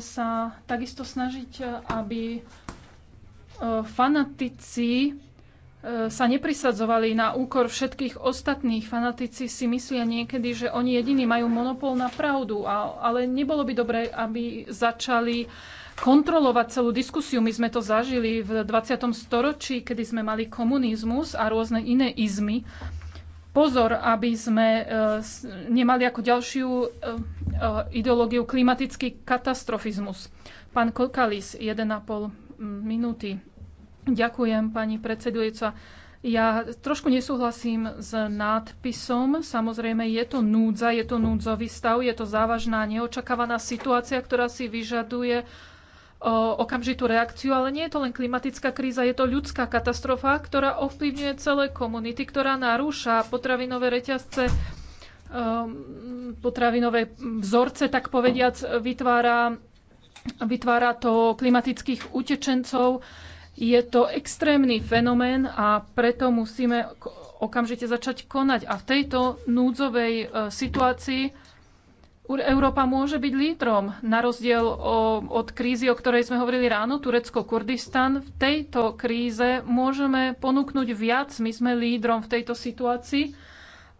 sa takisto snažiť, eh, aby eh, fanatici eh, sa neprisadzovali na úkor všetkých ostatných. Fanatici si myslia niekedy, že oni jediní majú monopol na pravdu, ale nebolo by dobré, aby začali kontrolovať celú diskusiu. My sme to zažili v 20. storočí, kedy sme mali komunizmus a rôzne iné izmy pozor, aby sme e, nemali ako ďalšiu e, e, ideológiu klimatický katastrofizmus. Pán Kokalis, 1,5 minúty. Ďakujem, pani predsedujúca. Ja trošku nesúhlasím s nadpisom. Samozrejme, je to núdza, je to núdzový stav, je to závažná, neočakávaná situácia, ktorá si vyžaduje okamžitú reakciu, ale nie je to len klimatická kríza, je to ľudská katastrofa, ktorá ovplyvňuje celé komunity, ktorá narúša potravinové reťazce, um, potravinové vzorce, tak povediac, vytvára, vytvára to klimatických utečencov. Je to extrémny fenomén a preto musíme okamžite začať konať. A v tejto núdzovej e, situácii Európa môže byť lídrom, na rozdiel o, od krízy, o ktorej sme hovorili ráno, Turecko, Kurdistan. V tejto kríze môžeme ponúknuť viac, my sme lídrom v tejto situácii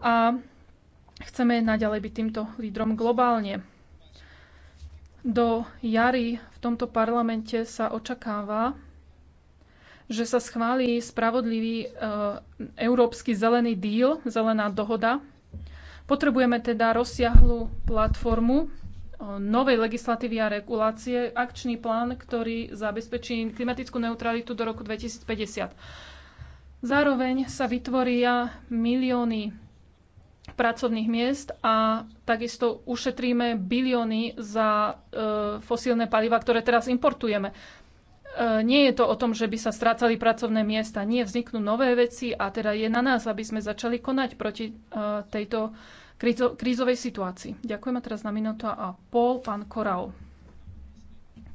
a chceme naďalej byť týmto lídrom globálne. Do jary v tomto parlamente sa očakáva, že sa schválí spravodlivý e, európsky zelený díl, zelená dohoda, Potrebujeme teda rozsiahlu platformu novej legislatívy a regulácie, akčný plán, ktorý zabezpečí klimatickú neutralitu do roku 2050. Zároveň sa vytvoria milióny pracovných miest a takisto ušetríme bilióny za e, fosílne paliva, ktoré teraz importujeme. E, nie je to o tom, že by sa strácali pracovné miesta. Nie, vzniknú nové veci a teda je na nás, aby sme začali konať proti e, tejto krízovej situácii. Ďakujem a teraz na minútu a pol pán Korau.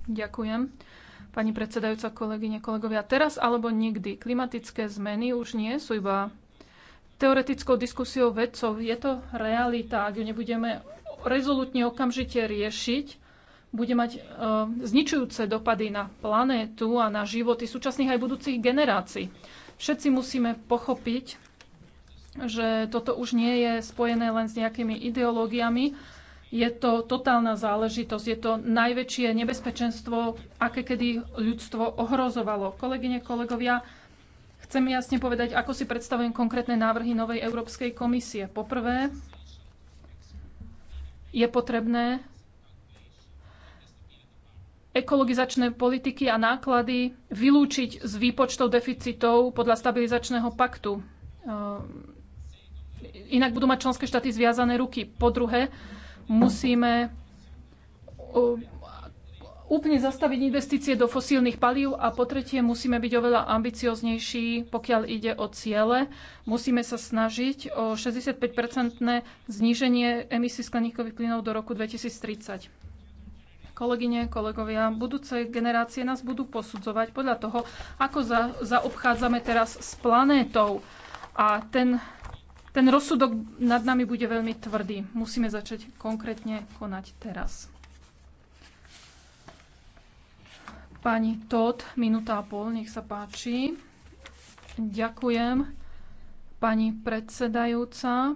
Ďakujem. Pani predsedajúca, kolegyne, kolegovia, teraz alebo nikdy. Klimatické zmeny už nie sú iba teoretickou diskusiou vedcov. Je to realita. Ak ju nebudeme rezolutne okamžite riešiť, bude mať uh, zničujúce dopady na planétu a na životy súčasných aj budúcich generácií. Všetci musíme pochopiť, že toto už nie je spojené len s nejakými ideológiami. Je to totálna záležitosť, je to najväčšie nebezpečenstvo, aké kedy ľudstvo ohrozovalo. Kolegyne, kolegovia, chcem jasne povedať, ako si predstavujem konkrétne návrhy novej Európskej komisie. Poprvé, je potrebné ekologizačné politiky a náklady vylúčiť z výpočtov deficitov podľa stabilizačného paktu ehm, inak budú mať členské štáty zviazané ruky. Po druhé, musíme úplne zastaviť investície do fosílnych palív a po tretie musíme byť oveľa ambicioznejší, pokiaľ ide o ciele. Musíme sa snažiť o 65-percentné zníženie emisí skleníkových plynov do roku 2030. Kolegyne, kolegovia, budúce generácie nás budú posudzovať podľa toho, ako za, zaobchádzame teraz s planétou. A ten ten rozsudok nad nami bude veľmi tvrdý. Musíme začať konkrétne konať teraz. Pani Todd, minúta a pol, nech sa páči. Ďakujem. Pani predsedajúca,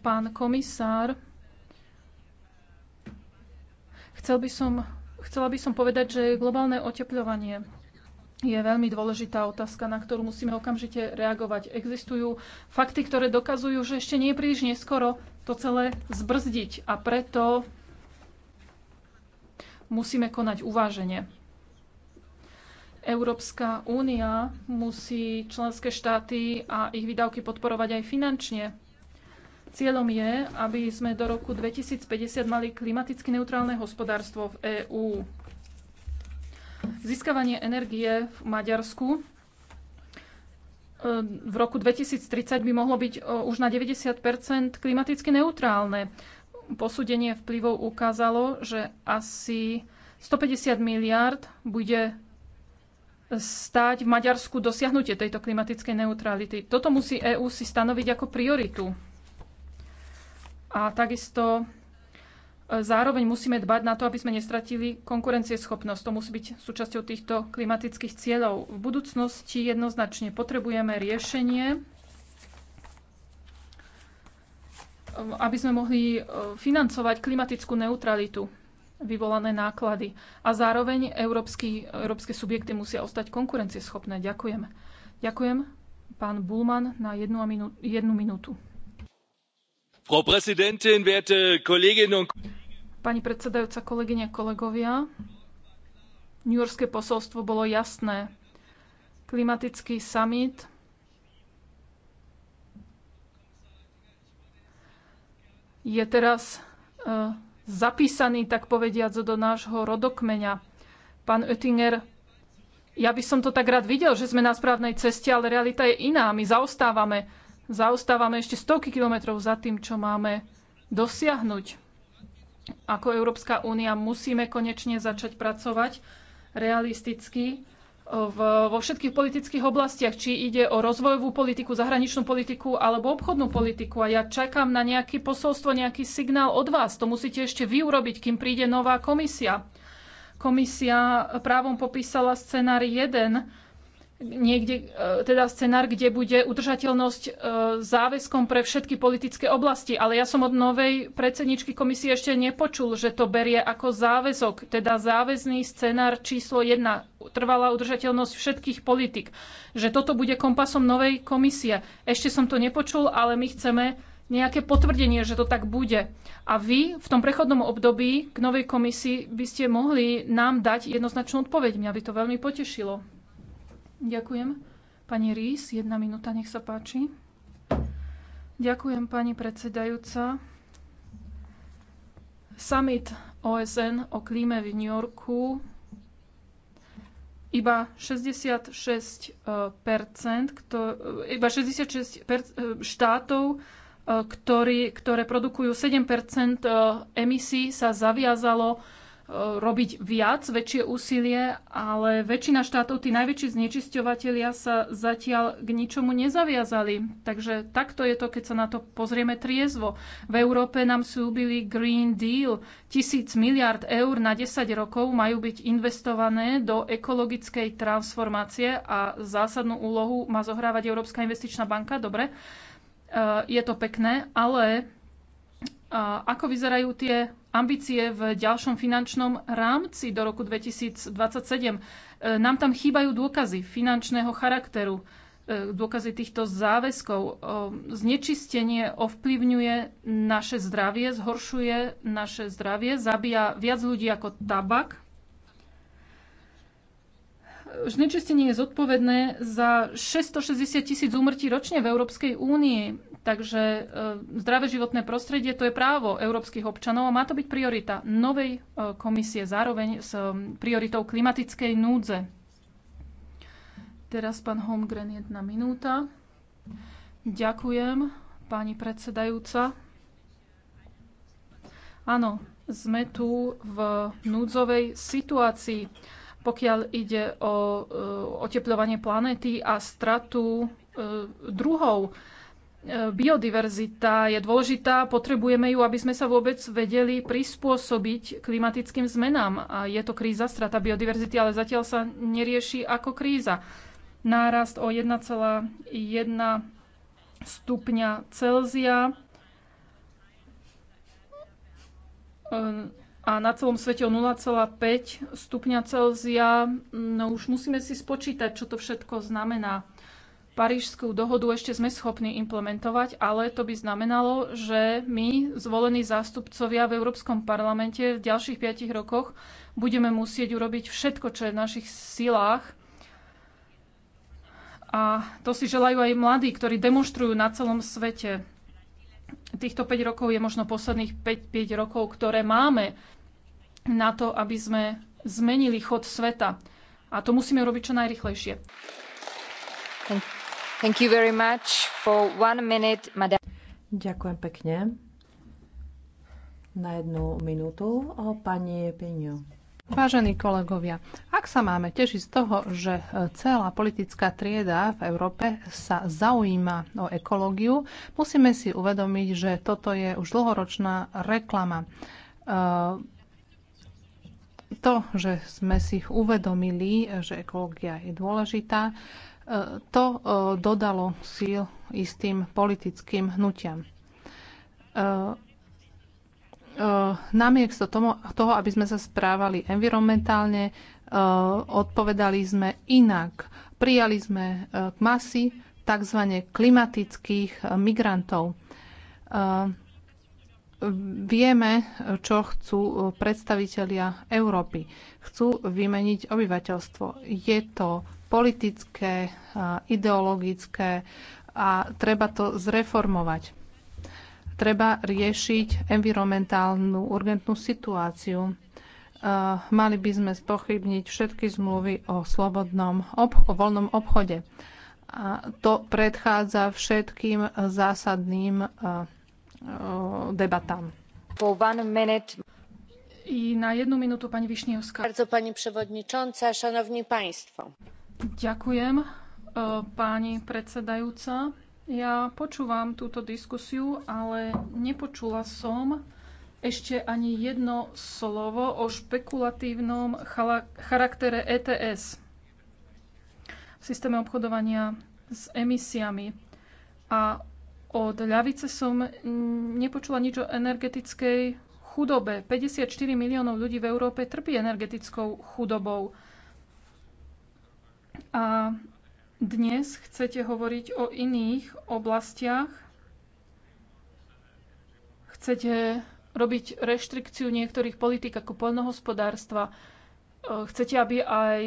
pán komisár, chcel by som, chcela by som povedať, že globálne otepľovanie je veľmi dôležitá otázka, na ktorú musíme okamžite reagovať. Existujú fakty, ktoré dokazujú, že ešte nie je príliš neskoro to celé zbrzdiť a preto musíme konať uváženie. Európska únia musí členské štáty a ich výdavky podporovať aj finančne. Cieľom je, aby sme do roku 2050 mali klimaticky neutrálne hospodárstvo v EÚ. Získavanie energie v Maďarsku e, v roku 2030 by mohlo byť e, už na 90 klimaticky neutrálne. Posúdenie vplyvov ukázalo, že asi 150 miliárd bude stáť v Maďarsku dosiahnutie tejto klimatickej neutrality. Toto musí EÚ si stanoviť ako prioritu. A takisto Zároveň musíme dbať na to, aby sme nestratili konkurencieschopnosť. To musí byť súčasťou týchto klimatických cieľov. V budúcnosti jednoznačne potrebujeme riešenie, aby sme mohli e, financovať klimatickú neutralitu vyvolané náklady. A zároveň európsky, európske subjekty musia ostať konkurencieschopné. Ďakujem. Ďakujem. Pán Bulman na jednu, minu- jednu minútu frau präsidentin werte kolleginnen und kollegen! Pani predsedajúca, kolegyne, kolegovia, New Yorkské posolstvo bolo jasné. Klimatický summit je teraz uh, zapísaný, tak povediac, do nášho rodokmeňa. Pán Oettinger, ja by som to tak rád videl, že sme na správnej ceste, ale realita je iná. My zaostávame. Zaostávame ešte stovky kilometrov za tým, čo máme dosiahnuť. Ako Európska únia musíme konečne začať pracovať realisticky eh, vo všetkých politických oblastiach, či ide o rozvojovú politiku, zahraničnú politiku alebo obchodnú politiku. A ja čakám na nejaké posolstvo, nejaký signál od vás. To musíte ešte vy urobiť, kým príde nová komisia. Komisia právom popísala scenár 1 niekde, e, teda scenár, kde bude udržateľnosť e, záväzkom pre všetky politické oblasti. Ale ja som od novej predsedničky komisie ešte nepočul, že to berie ako záväzok, teda záväzný scenár číslo 1, trvalá udržateľnosť všetkých politik. Že toto bude kompasom novej komisie. Ešte som to nepočul, ale my chceme nejaké potvrdenie, že to tak bude. A vy v tom prechodnom období k novej komisii by ste mohli nám dať jednoznačnú odpoveď. Mňa by to veľmi potešilo. Ďakujem. Pani Rís, jedna minúta, nech sa páči. Ďakujem, pani predsedajúca. Summit OSN o klíme v New Yorku iba 66, e, e, iba 66 e, štátov, ktorý, ktoré produkujú 7 emisí, sa zaviazalo robiť viac, väčšie úsilie, ale väčšina štátov, tí najväčší znečisťovateľia sa zatiaľ k ničomu nezaviazali. Takže takto je to, keď sa na to pozrieme triezvo. V Európe nám slúbili Green Deal. Tisíc miliard eur na 10 rokov majú byť investované do ekologickej transformácie a zásadnú úlohu má zohrávať Európska investičná banka. Dobre, e, je to pekné, ale e, ako vyzerajú tie ambície v ďalšom finančnom rámci do roku 2027. E, nám tam chýbajú dôkazy finančného charakteru, e, dôkazy týchto záväzkov. E, znečistenie ovplyvňuje naše zdravie, zhoršuje naše zdravie, zabíja viac ľudí ako tabak znečistenie je zodpovedné za 660 tisíc úmrtí ročne v Európskej únii. Takže e, zdravé životné prostredie to je právo európskych občanov a má to byť priorita novej e, komisie zároveň s e, prioritou klimatickej núdze. Teraz pán Holmgren, jedna minúta. Ďakujem, pani predsedajúca. Áno, sme tu v núdzovej situácii pokiaľ ide o e, oteplovanie planéty a stratu e, druhov. E, biodiverzita je dôležitá, potrebujeme ju, aby sme sa vôbec vedeli prispôsobiť klimatickým zmenám. A je to kríza, strata biodiverzity, ale zatiaľ sa nerieši ako kríza. Nárast o 1,1 stupňa Celzia a na celom svete o 0,5 stupňa Celzia. No už musíme si spočítať, čo to všetko znamená. Parížskú dohodu ešte sme schopní implementovať, ale to by znamenalo, že my, zvolení zástupcovia v Európskom parlamente v ďalších 5 rokoch, budeme musieť urobiť všetko, čo je v našich silách. A to si želajú aj mladí, ktorí demonstrujú na celom svete týchto 5 rokov je možno posledných 5, 5 rokov, ktoré máme na to, aby sme zmenili chod sveta. A to musíme robiť čo najrychlejšie. Thank, you very much for one minute, madam. Ďakujem pekne. Na jednu minútu o pani Piňo. Vážení kolegovia, ak sa máme tešiť z toho, že e, celá politická trieda v Európe sa zaujíma o ekológiu, musíme si uvedomiť, že toto je už dlhoročná reklama. E, to, že sme si uvedomili, že ekológia je dôležitá, e, to dodalo síl istým politickým hnutiam namiesto toho, aby sme sa správali environmentálne, odpovedali sme inak. Prijali sme k masy tzv. klimatických migrantov. Vieme, čo chcú predstavitelia Európy. Chcú vymeniť obyvateľstvo. Je to politické, ideologické a treba to zreformovať Treba riešiť environmentálnu urgentnú situáciu. Eh, mali by sme spochybniť všetky zmluvy o slobodnom o voľnom obchode. A to predchádza všetkým zásadným eh, eh, debatám. Po one minute. I na jednu minútu pani Višňovská. Bardzo pani przewodnicząca, szanowni państwo. Ďakujem, pani predsedajúca. Ja počúvam túto diskusiu, ale nepočula som ešte ani jedno slovo o špekulatívnom charaktere ETS v systéme obchodovania s emisiami. A od ľavice som nepočula nič o energetickej chudobe. 54 miliónov ľudí v Európe trpí energetickou chudobou. A dnes chcete hovoriť o iných oblastiach, chcete robiť reštrikciu niektorých politik ako poľnohospodárstva. E, chcete, aby aj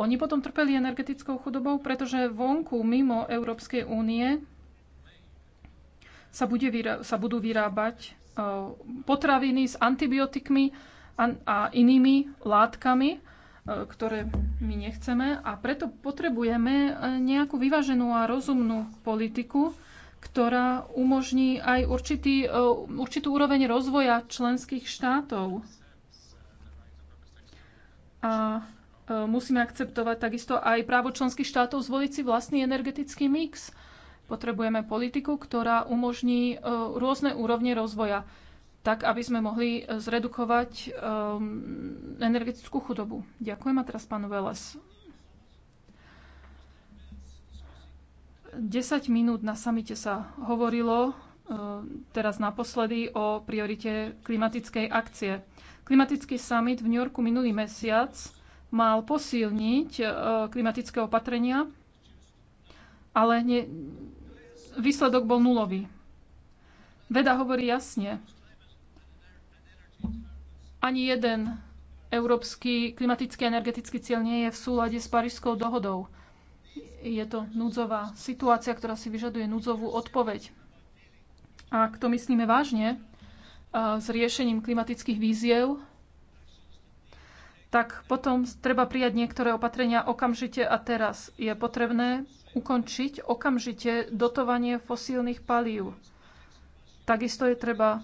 oni potom trpeli energetickou chudobou, pretože vonku, mimo Európskej únie, sa, bude, sa budú vyrábať e, potraviny s antibiotikmi a, a inými látkami, E, ktoré my nechceme a preto potrebujeme e, nejakú vyváženú a rozumnú politiku, ktorá umožní aj určitý, e, určitú úroveň rozvoja členských štátov. A musíme akceptovať takisto aj právo členských štátov zvoliť si vlastný energetický mix. Potrebujeme politiku, ktorá umožní rôzne úrovne rozvoja tak aby sme mohli eh, zredukovať um, energetickú chudobu. Ďakujem a teraz pán Veles. 10 minút na samite sa hovorilo eh, teraz naposledy o priorite klimatickej akcie. Klimatický summit v New Yorku minulý mesiac mal posilniť klimatické opatrenia, ale ne, výsledok bol nulový. Veda hovorí jasne, ani jeden európsky klimatický a energetický cieľ nie je v súlade s Parížskou dohodou. Je to núdzová situácia, ktorá si vyžaduje núdzovú odpoveď. A ak to myslíme vážne s riešením klimatických víziev, tak potom treba prijať niektoré opatrenia okamžite a teraz. Je potrebné ukončiť okamžite dotovanie fosílnych palív. Takisto je treba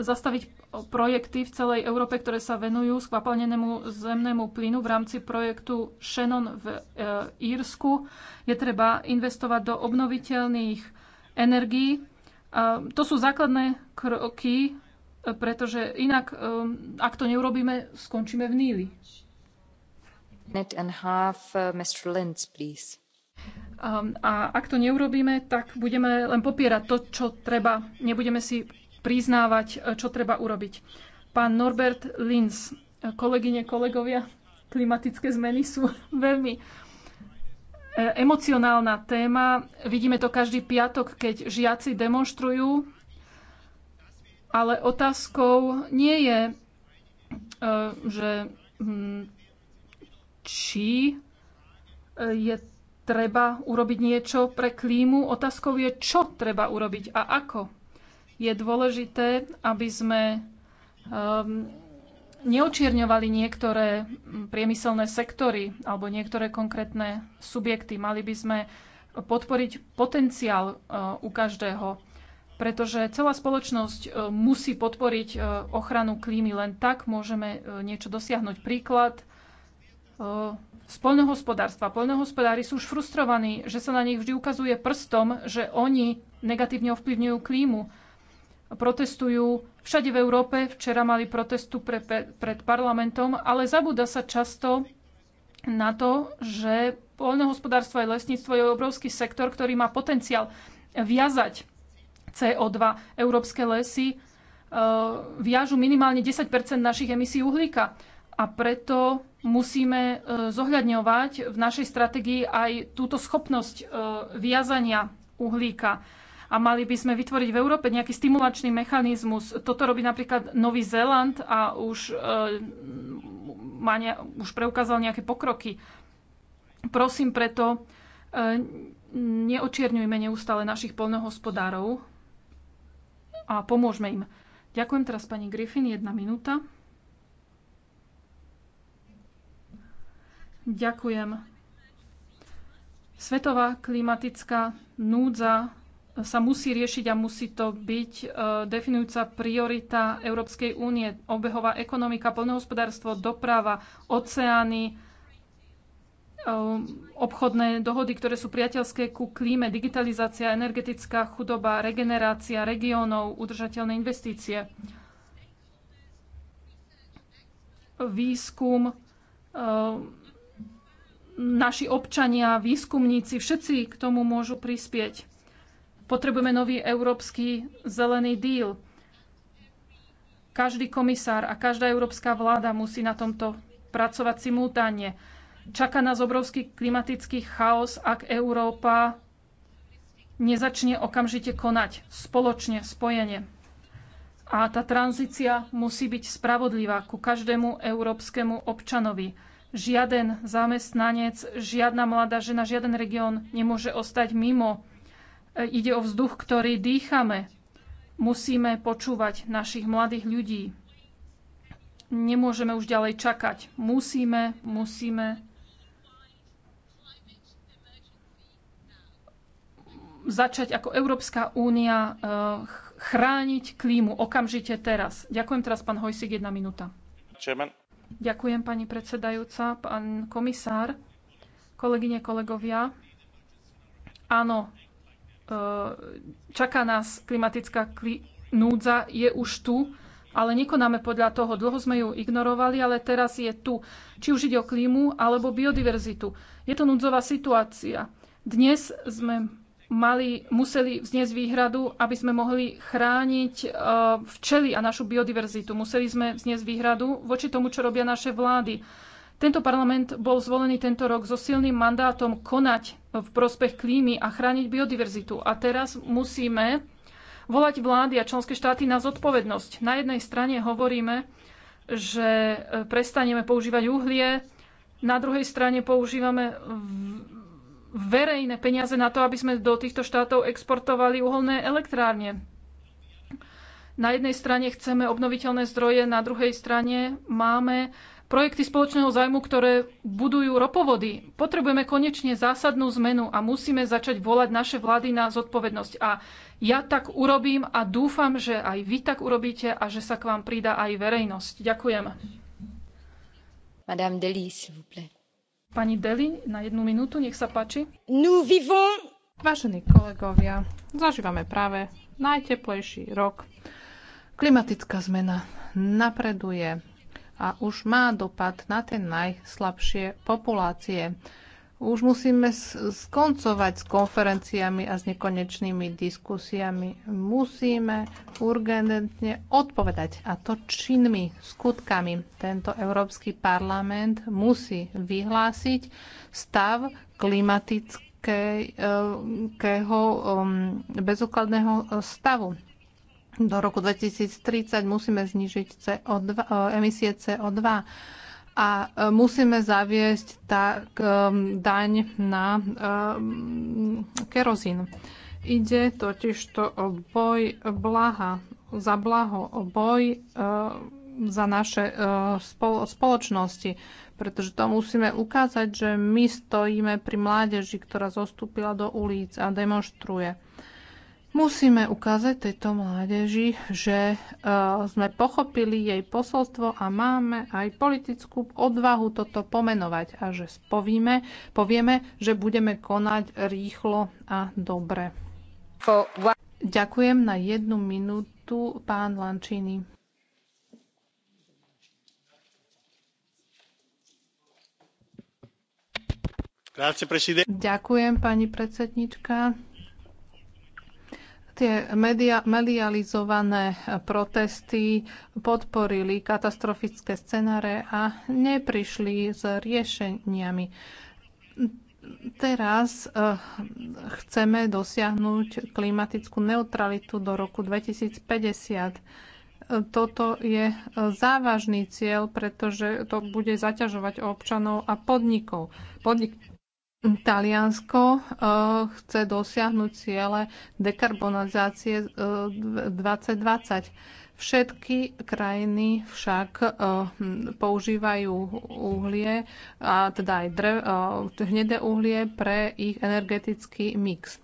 zastaviť projekty v celej Európe, ktoré sa venujú skvapalnenému zemnému plynu v rámci projektu Shannon v e, Írsku. Je treba investovať do obnoviteľných energií. E, to sú základné kroky, e, pretože inak, ak to neurobíme, skončíme v Níli. Uh, um, a ak to neurobíme, tak budeme len popierať to, čo treba. Nebudeme si priznávať, e, čo treba urobiť. Pán Norbert Linz, e, kolegyne, kolegovia, klimatické zmeny sú veľmi e, emocionálna téma. Vidíme to každý piatok, keď žiaci demonstrujú, ale otázkou nie je, že hm, či je treba urobiť niečo pre klímu. Otázkou je, čo treba urobiť a ako je dôležité, aby sme um, neočierňovali niektoré priemyselné sektory alebo niektoré konkrétne subjekty. Mali by sme podporiť potenciál uh, u každého, pretože celá spoločnosť uh, musí podporiť uh, ochranu klímy. Len tak môžeme niečo dosiahnuť. Príklad z poľnohospodárstva. Poľnohospodári sú už frustrovaní, že sa na nich vždy ukazuje prstom, že oni negatívne ovplyvňujú klímu protestujú všade v Európe. Včera mali protestu pre, pred parlamentom, ale zabúda sa často na to, že poľnohospodárstvo aj lesníctvo je obrovský sektor, ktorý má potenciál viazať CO2. Európske lesy e, viažu minimálne 10 našich emisí uhlíka a preto musíme e, zohľadňovať v našej stratégii aj túto schopnosť e, viazania uhlíka a mali by sme vytvoriť v Európe nejaký stimulačný mechanizmus. Toto robí napríklad Nový Zéland a už, e, má ne, už preukázal nejaké pokroky. Prosím preto, e, neočierňujme neustále našich polnohospodárov a pomôžme im. Ďakujem teraz pani Griffin, jedna minúta. Ďakujem. Svetová klimatická núdza sa musí riešiť a musí to byť e, definujúca priorita Európskej únie. Obehová ekonomika, poľnohospodárstvo, doprava, oceány, e, obchodné dohody, ktoré sú priateľské ku klíme, digitalizácia, energetická chudoba, regenerácia regiónov, udržateľné investície, výskum, e, naši občania, výskumníci, všetci k tomu môžu prispieť. Potrebujeme nový európsky zelený díl. Každý komisár a každá európska vláda musí na tomto pracovať simultánne. Čaká nás obrovský klimatický chaos, ak Európa nezačne okamžite konať spoločne, spojene. A tá tranzícia musí byť spravodlivá ku každému európskemu občanovi. Žiaden zamestnanec, žiadna mladá žena, žiaden región nemôže ostať mimo E, ide o vzduch, ktorý dýchame. Musíme počúvať našich mladých ľudí. Nemôžeme už ďalej čakať. Musíme, musíme začať ako Európska únia e, chrániť klímu okamžite teraz. Ďakujem teraz, pán Hojsik, jedna minúta. Chairman. Ďakujem, pani predsedajúca, pán komisár, kolegyne, kolegovia. Áno, Ehm, čaká nás klimatická núdza, je už tu, ale nekonáme podľa toho. Dlho sme ju ignorovali, ale teraz je tu. Či už ide o klímu alebo biodiverzitu. Je to núdzová situácia. Dnes sme mali, museli vzniesť výhradu, aby sme mohli chrániť ehm, včely a našu biodiverzitu. Museli sme vzniesť výhradu voči tomu, čo robia naše vlády. Tento parlament bol zvolený tento rok so silným mandátom konať v prospech klímy a chrániť biodiverzitu. A teraz musíme volať vlády a členské štáty na zodpovednosť. Na jednej strane hovoríme, že e, prestaneme používať uhlie, na druhej strane používame verejné peniaze na to, aby sme do týchto štátov exportovali uholné elektrárne. Na jednej strane chceme obnoviteľné zdroje, na druhej strane máme projekty spoločného zájmu, ktoré budujú ropovody. Potrebujeme konečne zásadnú zmenu a musíme začať volať naše vlády na zodpovednosť. A ja tak urobím a dúfam, že aj vy tak urobíte a že sa k vám pridá aj verejnosť. Ďakujem. Madame Deli, s'il vous plaît. Pani Deli, na jednu minútu, nech sa páči. Nous vivons... Vážení kolegovia, zažívame práve najteplejší rok. Klimatická zmena napreduje, a už má dopad na tie najslabšie populácie. Už musíme skoncovať s konferenciami a s nekonečnými diskusiami. Musíme urgentne odpovedať, a to činmi, skutkami. Tento Európsky parlament musí vyhlásiť stav klimatického eh, eh, bezúkladného stavu do roku 2030 musíme znižiť CO2, e, emisie CO2 a e, musíme zaviesť tak e, daň na um, kerozín. Ide to o boj blaha, za blaho, o boj za naše uh, spoločnosti, pretože to musíme ukázať, že my stojíme pri mládeži, ktorá zostúpila do ulic a demonstruje. Musíme ukázať tejto mládeži, že e, sme pochopili jej posolstvo a máme aj politickú odvahu toto pomenovať a že spovíme, povieme, že budeme konať rýchlo a dobre. Ďakujem na jednu minútu, pán lančini. Ďakujem, pani predsednička. Tie media, medializované protesty podporili katastrofické scenáre a neprišli s riešeniami. Teraz eh, chceme dosiahnuť klimatickú neutralitu do roku 2050 toto je eh, závažný cieľ, pretože to bude zaťažovať občanov a podnikov. Podnik- Taliansko eh, chce dosiahnuť ciele dekarbonizácie 2020. Eh, Všetky krajiny však eh, používajú uhlie, a teda aj drev, hnedé uhlie pre ich energetický mix.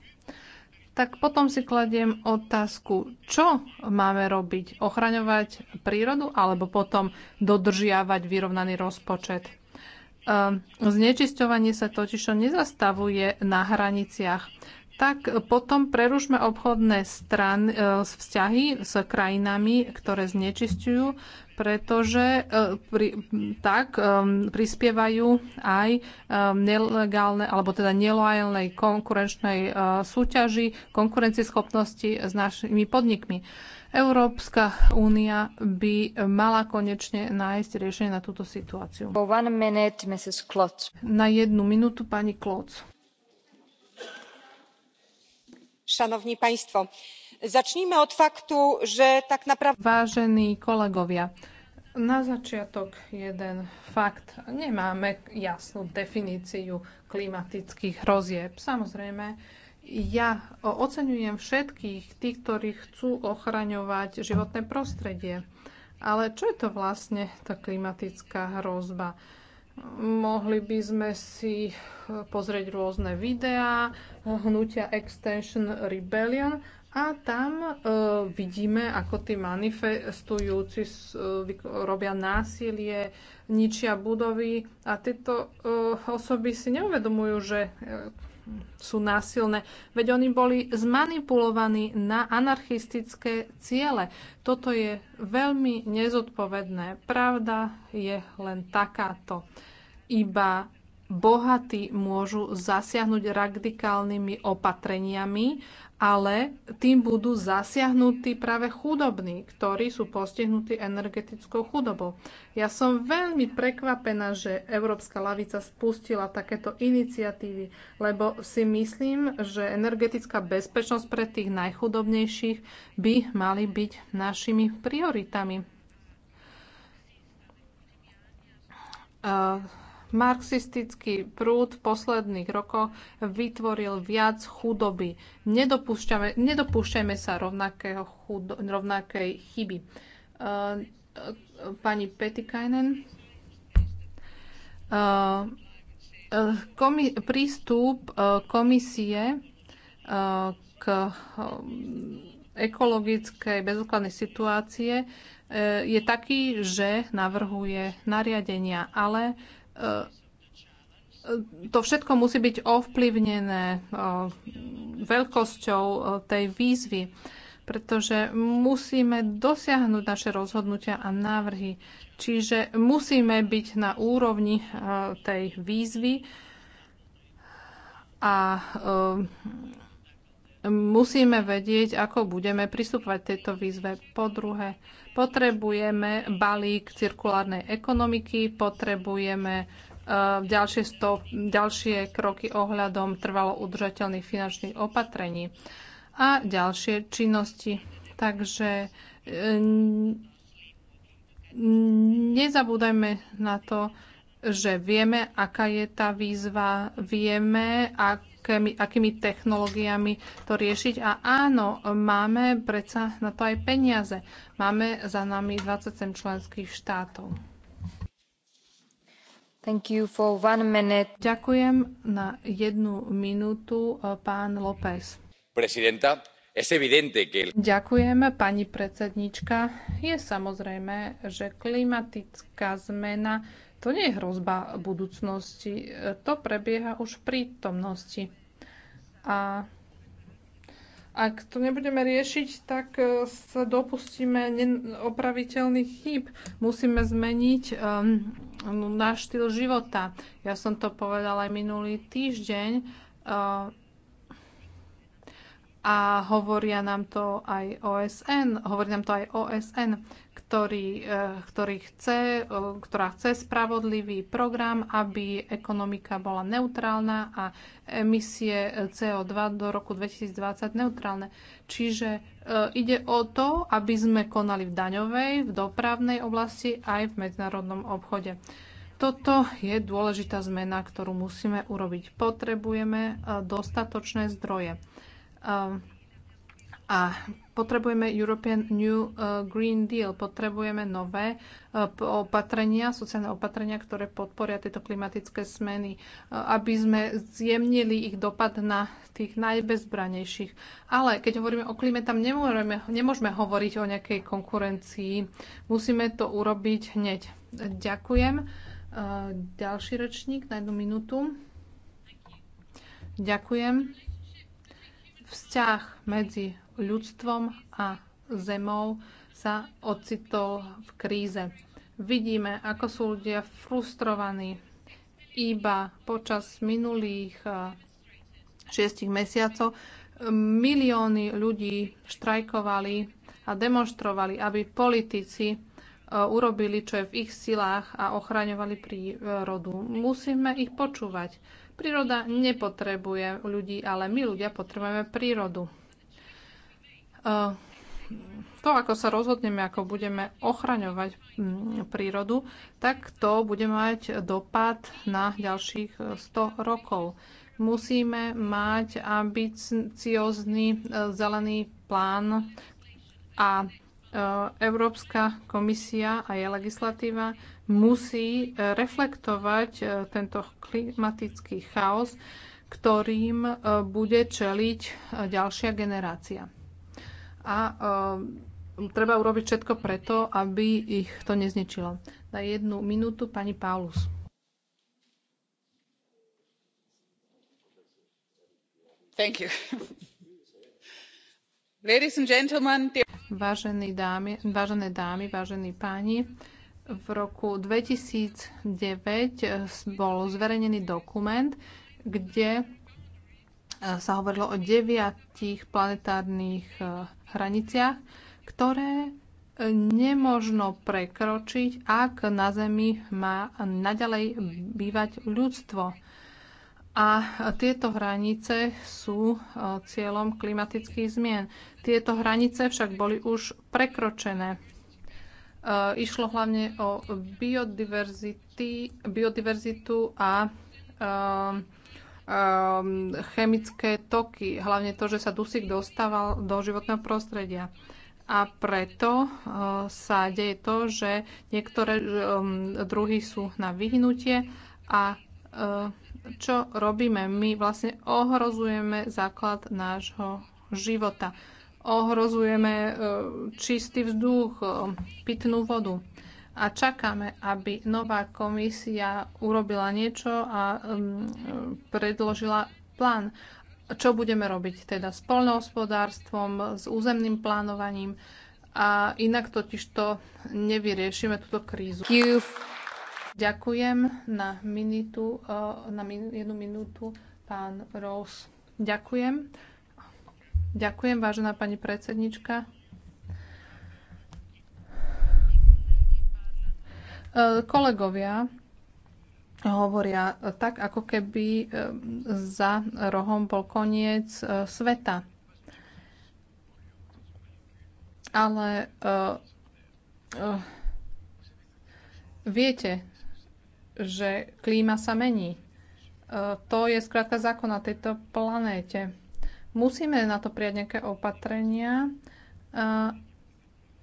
Tak potom si kladiem otázku, čo máme robiť? Ochraňovať prírodu alebo potom dodržiavať vyrovnaný rozpočet? Ehm, znečisťovanie sa totiž nezastavuje na hraniciach. Tak potom prerušme obchodné stran, e, vzťahy s krajinami, ktoré znečisťujú, pretože e, pri, tak ehm, prispievajú aj ehm, nelegálne alebo teda nelojálnej konkurenčnej e, súťaži, konkurencieschopnosti s našimi podnikmi. Európska únia by mala konečne nájsť riešenie na túto situáciu. Minute, na jednu minútu pani Klotz. Szanowni Państwo, zacznijmy od faktu, že tak naprawdę... Vážení kolegovia, na začiatok jeden fakt. Nemáme jasnú definíciu klimatických hrozieb. Samozrejme, ja oceňujem všetkých tých, ktorí chcú ochraňovať životné prostredie. Ale čo je to vlastne tá klimatická hrozba? Mohli by sme si pozrieť rôzne videá, hnutia Extension Rebellion a tam e, vidíme, ako tí manifestujúci s, e, robia násilie, ničia budovy a tieto e, osoby si neuvedomujú, že e, sú násilné. Veď oni boli zmanipulovaní na anarchistické ciele. Toto je veľmi nezodpovedné. Pravda je len takáto. Iba bohatí môžu zasiahnuť radikálnymi opatreniami, ale tým budú zasiahnutí práve chudobní, ktorí sú postihnutí energetickou chudobou. Ja som veľmi prekvapená, že Európska lavica spustila takéto iniciatívy, lebo si myslím, že energetická bezpečnosť pre tých najchudobnejších by mali byť našimi prioritami. Uh, Marxistický prúd v posledných rokoch vytvoril viac chudoby. Nedopúšťame sa chudo, rovnakej chyby. Uh, uh, pani Petikainen, uh, komi prístup komisie k ekologickej bezokladnej situácie je taký, že navrhuje nariadenia, ale E, e, to všetko musí byť ovplyvnené e, veľkosťou tej výzvy, pretože musíme dosiahnuť naše rozhodnutia a návrhy. Čiže musíme byť na úrovni tej výzvy a musíme vedieť, ako budeme pristupovať tejto výzve. Po druhé, potrebujeme balík cirkulárnej ekonomiky, potrebujeme e, ďalšie, stop, ďalšie kroky ohľadom trvalo udržateľných finančných opatrení a ďalšie činnosti. Takže e, nezabúdajme na to, že vieme, aká je tá výzva, vieme, ak akými, akými technológiami to riešiť. A áno, máme predsa na to aj peniaze. Máme za nami 27 členských štátov. Thank you for one minute. Ďakujem na jednu minútu, e, pán López. Prezidenta, es evidente que... Ďakujem, pani predsednička. Je samozrejme, že klimatická zmena to nie je hrozba budúcnosti, to prebieha už v prítomnosti. A ak to nebudeme riešiť, tak e, sa dopustíme opraviteľných chýb. Musíme zmeniť um, náš štýl života. Ja som to povedala aj minulý týždeň. Uh, a hovoria nám to aj OSN, hovorí nám to aj OSN, ktorý, e, ktorý chce, e, ktorá chce spravodlivý program, aby ekonomika bola neutrálna a emisie CO2 do roku 2020 neutrálne. Čiže e, ide o to, aby sme konali v daňovej, v dopravnej oblasti aj v medzinárodnom obchode. Toto je dôležitá zmena, ktorú musíme urobiť. Potrebujeme dostatočné zdroje. Um, a potrebujeme European New uh, Green Deal, potrebujeme nové uh, opatrenia, sociálne opatrenia, ktoré podporia tieto klimatické smeny, uh, aby sme zjemnili ich dopad na tých najbezbranejších. Ale keď hovoríme o klíme, tam nemôžeme, nemôžeme hovoriť o nejakej konkurencii. Musíme to urobiť hneď. Ďakujem. Ďalší rečník na jednu minútu. Ďakujem vzťah medzi ľudstvom a zemou sa ocitol v kríze. Vidíme, ako sú ľudia frustrovaní. Iba počas minulých eh, šiestich mesiacov eh, milióny ľudí štrajkovali a demonstrovali, aby politici eh, urobili, čo je v ich silách a ochraňovali prírodu. Musíme ich počúvať Príroda nepotrebuje ľudí, ale my ľudia potrebujeme prírodu. To, ako sa rozhodneme, ako budeme ochraňovať mm, prírodu, tak to bude mať dopad na ďalších 100 e, rokov. Musíme mať ambiciózny e, zelený plán a E, Európska komisia a jej legislatíva musí e, reflektovať e, tento klimatický chaos, ktorým bude čeliť ďalšia generácia. A treba urobiť všetko preto, aby ich to nezničilo. Na jednu minútu pani Paulus. Thank you. Vážené dámy, vážení páni, v roku 2009 eh, bol zverejnený dokument, kde eh, sa hovorilo o deviatich planetárnych eh, hraniciach, ktoré nemožno prekročiť, ak na Zemi má naďalej bývať ľudstvo. A tieto hranice sú e, cieľom klimatických zmien. Tieto hranice však boli už prekročené. E, išlo hlavne o biodiverzitu a e, chemické toky, hlavne to, že sa dusík dostával do životného prostredia a preto sa deje to, že niektoré druhy sú na vyhnutie a čo robíme. My vlastne ohrozujeme základ nášho života. Ohrozujeme e, čistý vzduch, e, pitnú vodu a čakáme, aby nová komisia urobila niečo a mm, predložila plán. Čo budeme robiť teda s poľnohospodárstvom, s územným plánovaním a inak totiž to nevyriešime túto krízu. Ďakujem na, minutu, eh, na min, jednu minútu pán Rose. Ďakujem. Ďakujem, vážená pani predsednička. Eh, kolegovia hovoria tak, ako keby eh, za rohom bol koniec sveta. Ale uh, uh, viete, že klíma sa mení. E, to je skrátka zákon na tejto planéte. Musíme na to prijať nejaké opatrenia, e,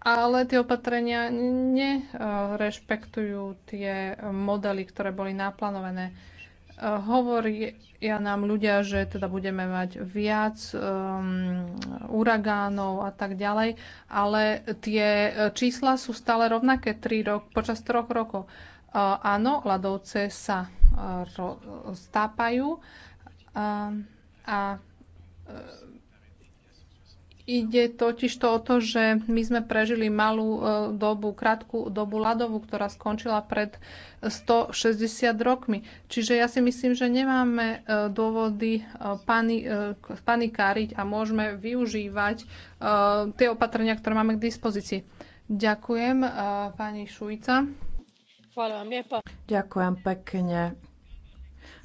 ale tie opatrenia nerešpektujú tie modely, ktoré boli naplánované. E, hovoria nám ľudia, že teda budeme mať viac um, uragánov a tak ďalej, ale tie čísla sú stále rovnaké 3 rok, počas troch rokov áno, ľadovce sa stápajú a e, ide totiž to o to, že my sme prežili malú e, dobu, krátku dobu ľadovú, ktorá skončila pred 160 rokmi. Čiže ja si myslím, že nemáme e, dôvody panikáriť a môžeme využívať tie opatrenia, ktoré máme k dispozícii. Ďakujem, pani Šujca. Ďakujem pekne.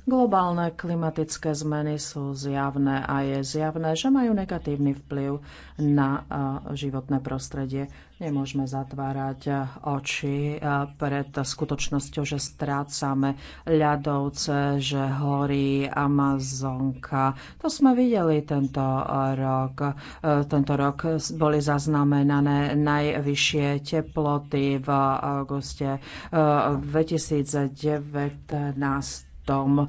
Globálne klimatické zmeny sú zjavné a je zjavné, že majú negatívny vplyv na životné prostredie. Nemôžeme zatvárať oči pred skutočnosťou, že strácame ľadovce, že horí Amazonka. To sme videli tento rok. Tento rok boli zaznamenané najvyššie teploty v auguste 2019 tom eh,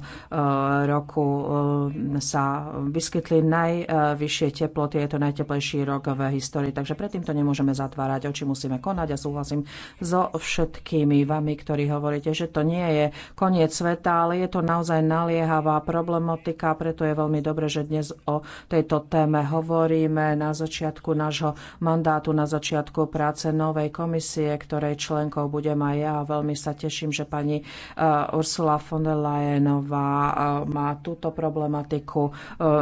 roku eh, sa vyskytli najvyššie teploty. Je to najteplejší rok v histórii, takže predtým to nemôžeme zatvárať. Oči musíme konať a súhlasím so všetkými vami, ktorí hovoríte, že to nie je koniec sveta, ale je to naozaj naliehavá problematika, preto je veľmi dobre, že dnes o tejto téme hovoríme na začiatku nášho mandátu, na začiatku práce novej komisie, ktorej členkou budem aj ja. Veľmi sa teším, že pani eh, Ursula von der Leyen Omenová e, má túto problematiku e,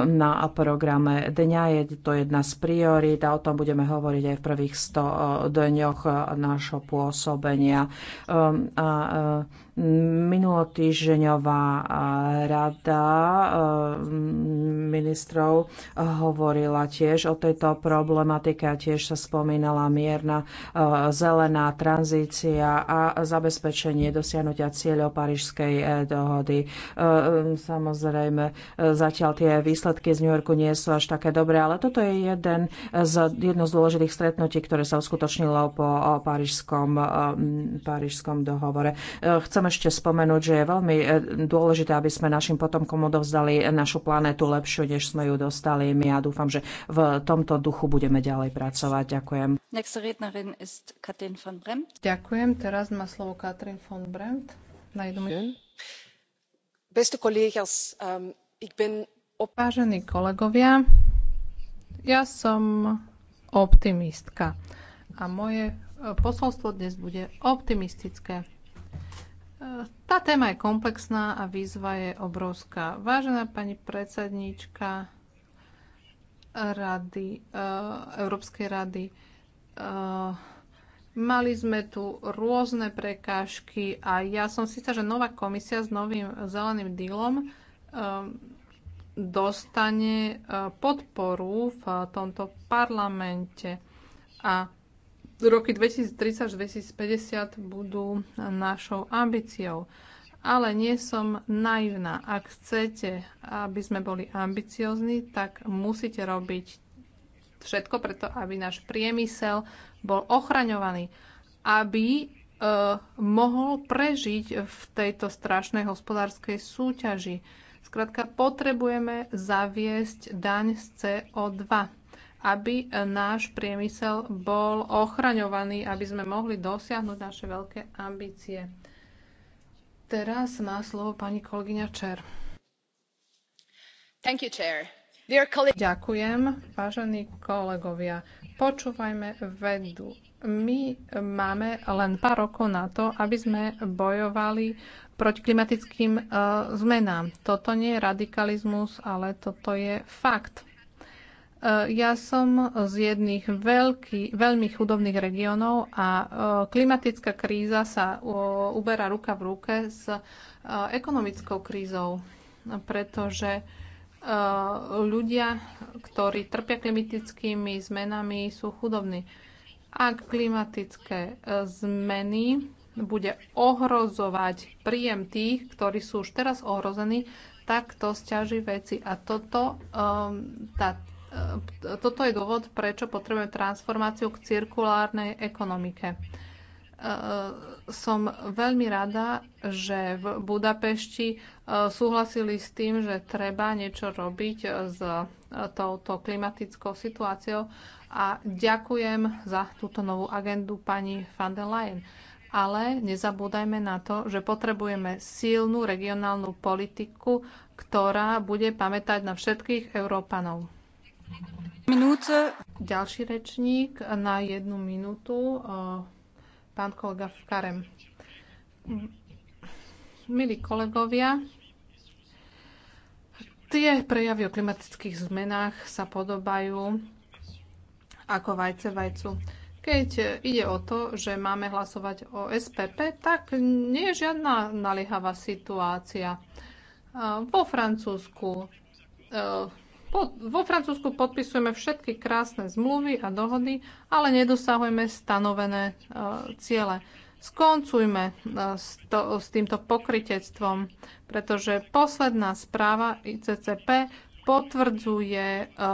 na programe dňa. Je to jedna z priorít a o tom budeme hovoriť aj v prvých 100 e, dňoch nášho pôsobenia. A Minulotýždeňová rada e, ministrov hovorila tiež o tejto problematike a tiež sa spomínala mierna e, zelená tranzícia a zabezpečenie dosiahnutia cieľov Parížskej e, dohody. Samozrejme, zatiaľ tie výsledky z New Yorku nie sú až také dobré, ale toto je jeden z, jedno z dôležitých stretnutí, ktoré sa uskutočnilo po Parížskom, Parížskom dohovore. Chceme ešte spomenúť, že je veľmi e, dôležité, aby sme našim potomkom odovzdali našu planetu lepšiu, než sme ju dostali. My ja dúfam, že v tomto duchu budeme ďalej pracovať. Ďakujem. Ďakujem. Teraz má slovo Katrin von Bremt. Um, Vážení kolegovia, ja som optimistka a moje e, posolstvo dnes bude optimistické. Tá téma je komplexná a výzva je obrovská. Vážená pani predsedníčka rady, eh, Európskej rady, eh, mali sme tu rôzne prekážky a ja som si že nová komisia s novým zeleným dílom eh, dostane podporu v tomto parlamente. A roky 2030 až 2050 budú našou ambíciou. Ale nie som naivná. Ak chcete, aby sme boli ambiciozni, tak musíte robiť všetko preto, aby náš priemysel bol ochraňovaný, aby uh, mohol prežiť v tejto strašnej hospodárskej súťaži. Skrátka, potrebujeme zaviesť daň z CO2 aby e, náš priemysel bol ochraňovaný, aby sme mohli dosiahnuť naše veľké ambície. Teraz má slovo pani kolegyňa Čer. Thank you, Chair. Dear Ďakujem, vážení kolegovia. Počúvajme vedu. My e, máme len pár rokov na to, aby sme bojovali proti klimatickým uh, zmenám. Toto nie je radikalizmus, ale toto je fakt. E, ja som z jedných veľký, veľmi chudobných regiónov a e, klimatická kríza sa e, uberá ruka v ruke s ekonomickou krízou, pretože ľudia, ktorí trpia klimatickými zmenami, sú chudobní. Ak klimatické zmeny bude ohrozovať príjem tých, ktorí sú už teraz ohrození, tak to stiaží veci. A toto, tá E, toto je dôvod, prečo potrebujeme transformáciu k cirkulárnej ekonomike. E, e, som veľmi rada, že v Budapešti súhlasili s tým, že treba niečo robiť s touto klimatickou situáciou a ďakujem za túto novú agendu pani van der Leyen. Ale nezabúdajme na to, že potrebujeme silnú regionálnu politiku, ktorá bude pamätať na všetkých Európanov. Minúce. Ďalší rečník na jednu minútu, eh, pán kolega Karem. Milí kolegovia, tie prejavy o klimatických zmenách sa podobajú ako vajce vajcu. Keď ide o to, že máme hlasovať o SPP, tak nie je žiadna naliehavá situácia. Eh, vo Francúzsku eh, po, vo Francúzsku podpisujeme všetky krásne zmluvy a dohody, ale nedosahujeme stanovené e, ciele. Skoncujme e, s, to, s týmto pokritectvom, pretože posledná správa ICCP potvrdzuje, e,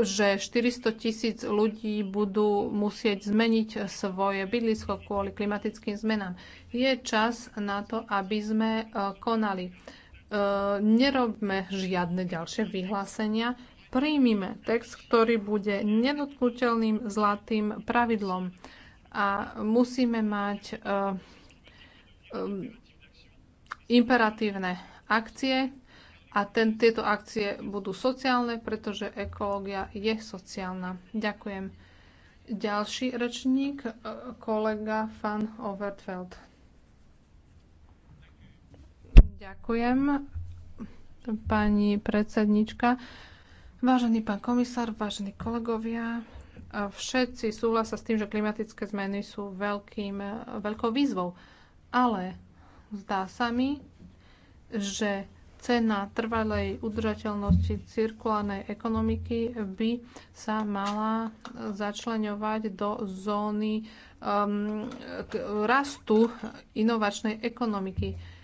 že 400 tisíc ľudí budú musieť zmeniť svoje bydlisko kvôli klimatickým zmenám. Je čas na to, aby sme e, konali nerobme žiadne ďalšie vyhlásenia, príjmime text, ktorý bude nedotknutelným zlatým pravidlom a musíme mať eh, eh, imperatívne akcie a ten, tieto akcie budú sociálne, pretože ekológia je sociálna. Ďakujem. Ďalší rečník, eh, kolega van Overtveld. Ďakujem, pani predsednička. Vážený pán komisár, vážení kolegovia, všetci súhlasia s tým, že klimatické zmeny sú veľkým, veľkou výzvou. Ale zdá sa mi, že cena trvalej udržateľnosti cirkulárnej ekonomiky by sa mala začleňovať do zóny um, rastu inovačnej ekonomiky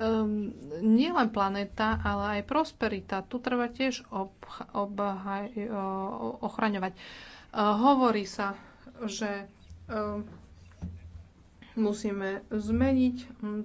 um, nielen planéta, ale aj prosperita. Tu treba tiež e, ochraňovať. Uh, hovorí sa, že um, musíme zmeniť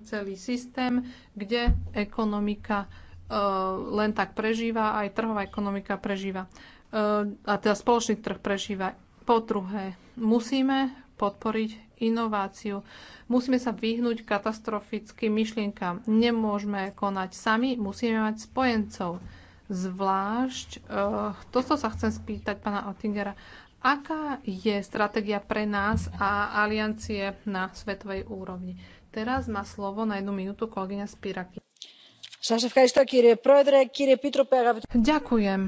celý systém, kde ekonomika uh, len tak prežíva, aj trhová ekonomika prežíva. Uh, a teda spoločný trh prežíva. Po druhé, musíme podporiť inováciu. Musíme sa vyhnúť katastrofickým myšlienkam. Nemôžeme konať sami, musíme mať spojencov. Zvlášť, uh, eh, toto sa chcem spýtať pana Otingera, aká je stratégia pre nás a aliancie na svetovej úrovni? Teraz má slovo na jednu minútu kolegyňa Spiraky. Ďakujem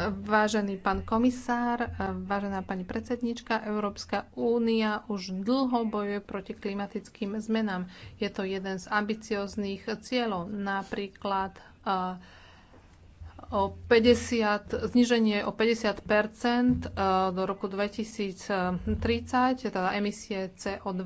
Vážený pán komisár, vážená pani predsednička, Európska únia už dlho bojuje proti klimatickým zmenám. Je to jeden z ambicióznych cieľov, napríklad o 50, zniženie o 50 do roku 2030, teda emisie CO2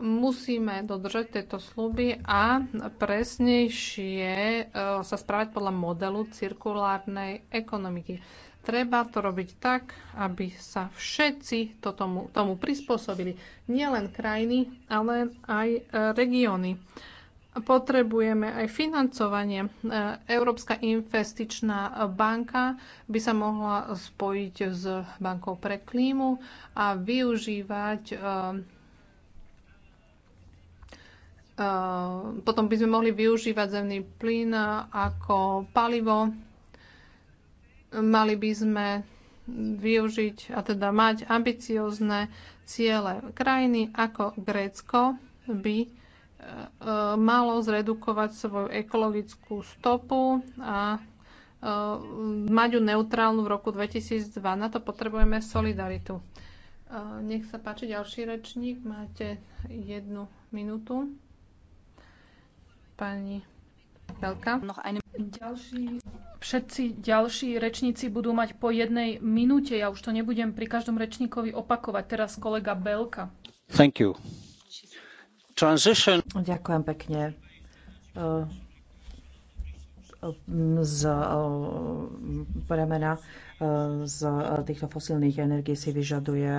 musíme dodržať tieto sluby a presnejšie eh, sa správať podľa modelu cirkulárnej ekonomiky. Treba to robiť tak, aby sa všetci to tomu, tomu prispôsobili. Nielen krajiny, ale aj eh, regióny. Potrebujeme aj financovanie. Eh, Európska investičná banka by sa mohla spojiť s bankou pre klímu a využívať Ehm, potom by sme mohli využívať zemný plyn ako palivo. Mali by sme využiť a teda mať ambiciozne ciele. Krajiny ako Grécko by e, e, malo zredukovať svoju ekologickú stopu a e, mať ju neutrálnu v roku 2002. Na to potrebujeme solidaritu. Nech sa páči ďalší rečník. Máte jednu minútu pani Veľká. Ďalší, všetci ďalší rečníci budú mať po jednej minúte. Ja už to nebudem pri každom rečníkovi opakovať. Teraz kolega Belka. Thank you. Transition. Ďakujem pekne. Uh z premena z týchto fosílnych energií si vyžaduje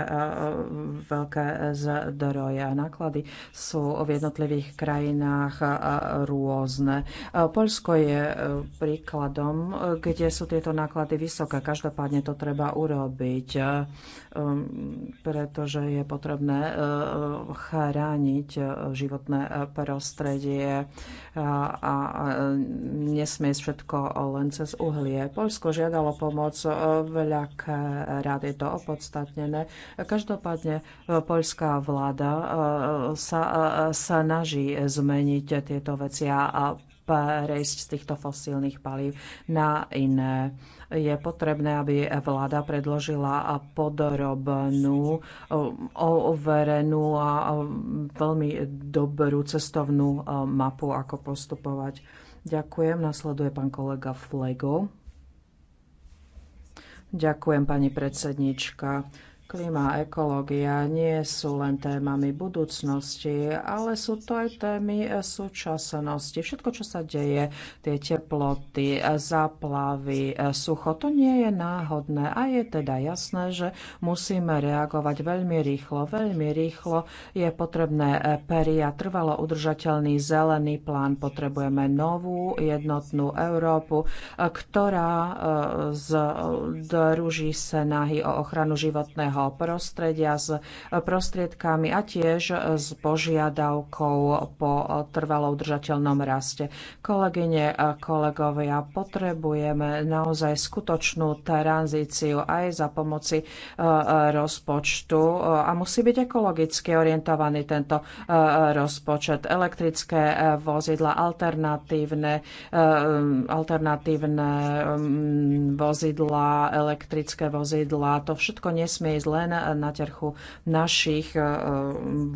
veľké zdroje. Náklady sú v jednotlivých krajinách rôzne. Polsko je e, príkladom, kde sú tieto náklady vysoké. Každopádne to treba urobiť, e, pretože je potrebné e, chrániť životné prostredie a nesmie priniesť všetko len cez uhlie. Polsko žiadalo pomoc e, veľakrát, je to opodstatnené. Každopádne e, poľská vláda e, sa snaží zmeniť tieto veci a prejsť z týchto fosílnych palív na iné. Je potrebné, aby vláda predložila podrobnú, overenú a veľmi dobrú cestovnú mapu, ako postupovať Ďakujem. Nasleduje pán kolega Flego. Ďakujem, pani predsednička. Klíma a ekológia nie sú len témami budúcnosti, ale sú to aj témy súčasnosti. Všetko, čo sa deje, tie teploty, záplavy, sucho, to nie je náhodné a je teda jasné, že musíme reagovať veľmi rýchlo. Veľmi rýchlo je potrebné a trvalo udržateľný zelený plán. Potrebujeme novú jednotnú Európu, ktorá e, združí snahy o ochranu životného životného prostredia s prostriedkami a tiež s požiadavkou po trvalo udržateľnom raste. Kolegyne, kolegovia, potrebujeme naozaj skutočnú tranzíciu aj za pomoci e, rozpočtu e, a musí byť ekologicky orientovaný tento e, rozpočet. Elektrické vozidla, alternatívne, alternatívne vozidla, elektrické vozidla, to všetko nesmie ísť ísť len na ťarchu našich e,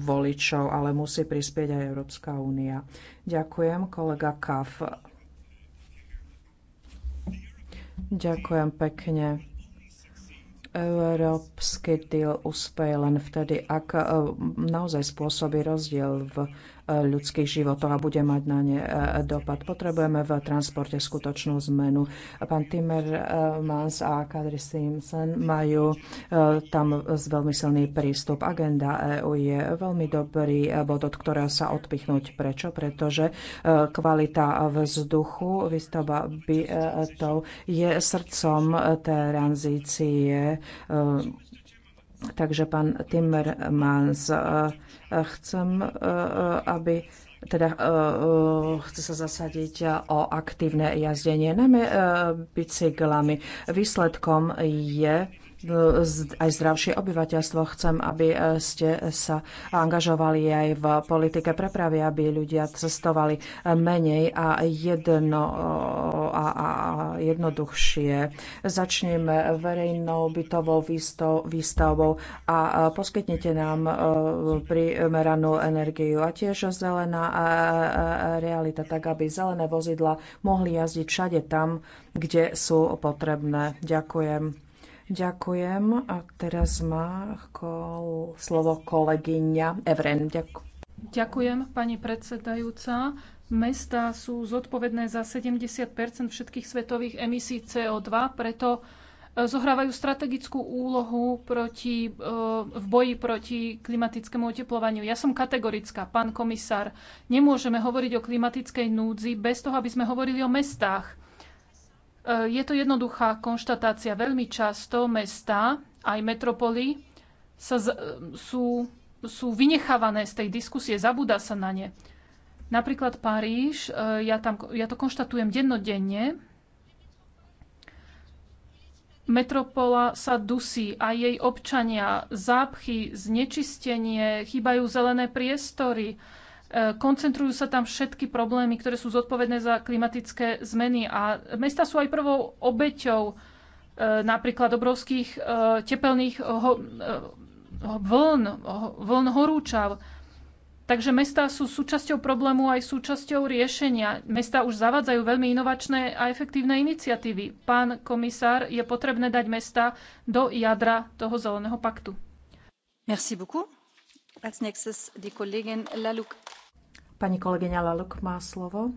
voličov, ale musí prispieť aj Európska únia. Ďakujem, kolega Kaf. Ďakujem pekne. Európsky deal uspeje len vtedy, ak e, naozaj spôsobí rozdiel v ľudských životov a bude mať na ne e, dopad. Potrebujeme v transporte skutočnú zmenu. Pán Timmermans a Kadri Simpson majú e, tam veľmi silný prístup. Agenda EU je veľmi dobrý e, bod, od ktorého sa odpichnúť. Prečo? Pretože kvalita vzduchu, výstavba bytov je srdcom tranzície Takže pán Timmermans, e, e, chcem, e, aby teda chce sa zasadiť o aktívne jazdenie, najmä bicyklami. Výsledkom je aj zdravšie obyvateľstvo. Chcem, aby e, ste sa angažovali aj v politike prepravy, aby ľudia cestovali e, menej a, jedno, a, a jednoduchšie. Začneme verejnou bytovou výstavbou a e, poskytnite nám primeranú energiu a tiež zelená realita, tak aby zelené vozidla mohli jazdiť všade tam, kde sú potrebné. Ďakujem. Ďakujem. A teraz má kol... slovo kolegyňa Evren. Ďakujem. Ďakujem, pani predsedajúca. Mesta sú zodpovedné za 70 všetkých svetových emisí CO2, preto e, zohrávajú strategickú úlohu proti, e, v boji proti klimatickému oteplovaniu. Ja som kategorická, pán komisár. Nemôžeme hovoriť o klimatickej núdzi bez toho, aby sme hovorili o mestách Eh, je to jednoduchá konštatácia. Veľmi často mesta, aj metropoly, sa z, eh, sú, sú vynechávané z tej diskusie, zabúda sa na ne. Napríklad Paríž, eh, ja, tam, ja to konštatujem dennodenne, metropola sa dusí a jej občania, zápchy, znečistenie, chýbajú zelené priestory, E, koncentrujú sa tam všetky problémy, ktoré sú zodpovedné za klimatické zmeny. A mesta sú aj prvou obeťou e, napríklad obrovských e, tepelných vln, vln horúčav. Takže mesta sú súčasťou problému aj súčasťou riešenia. Mesta už zavádzajú veľmi inovačné a efektívne iniciatívy. Pán komisár, je potrebné dať mesta do jadra toho zeleného paktu. Merci beaucoup. Als nächstes die Kollegin Laluk Pani kolegyňa Laluk má slovo.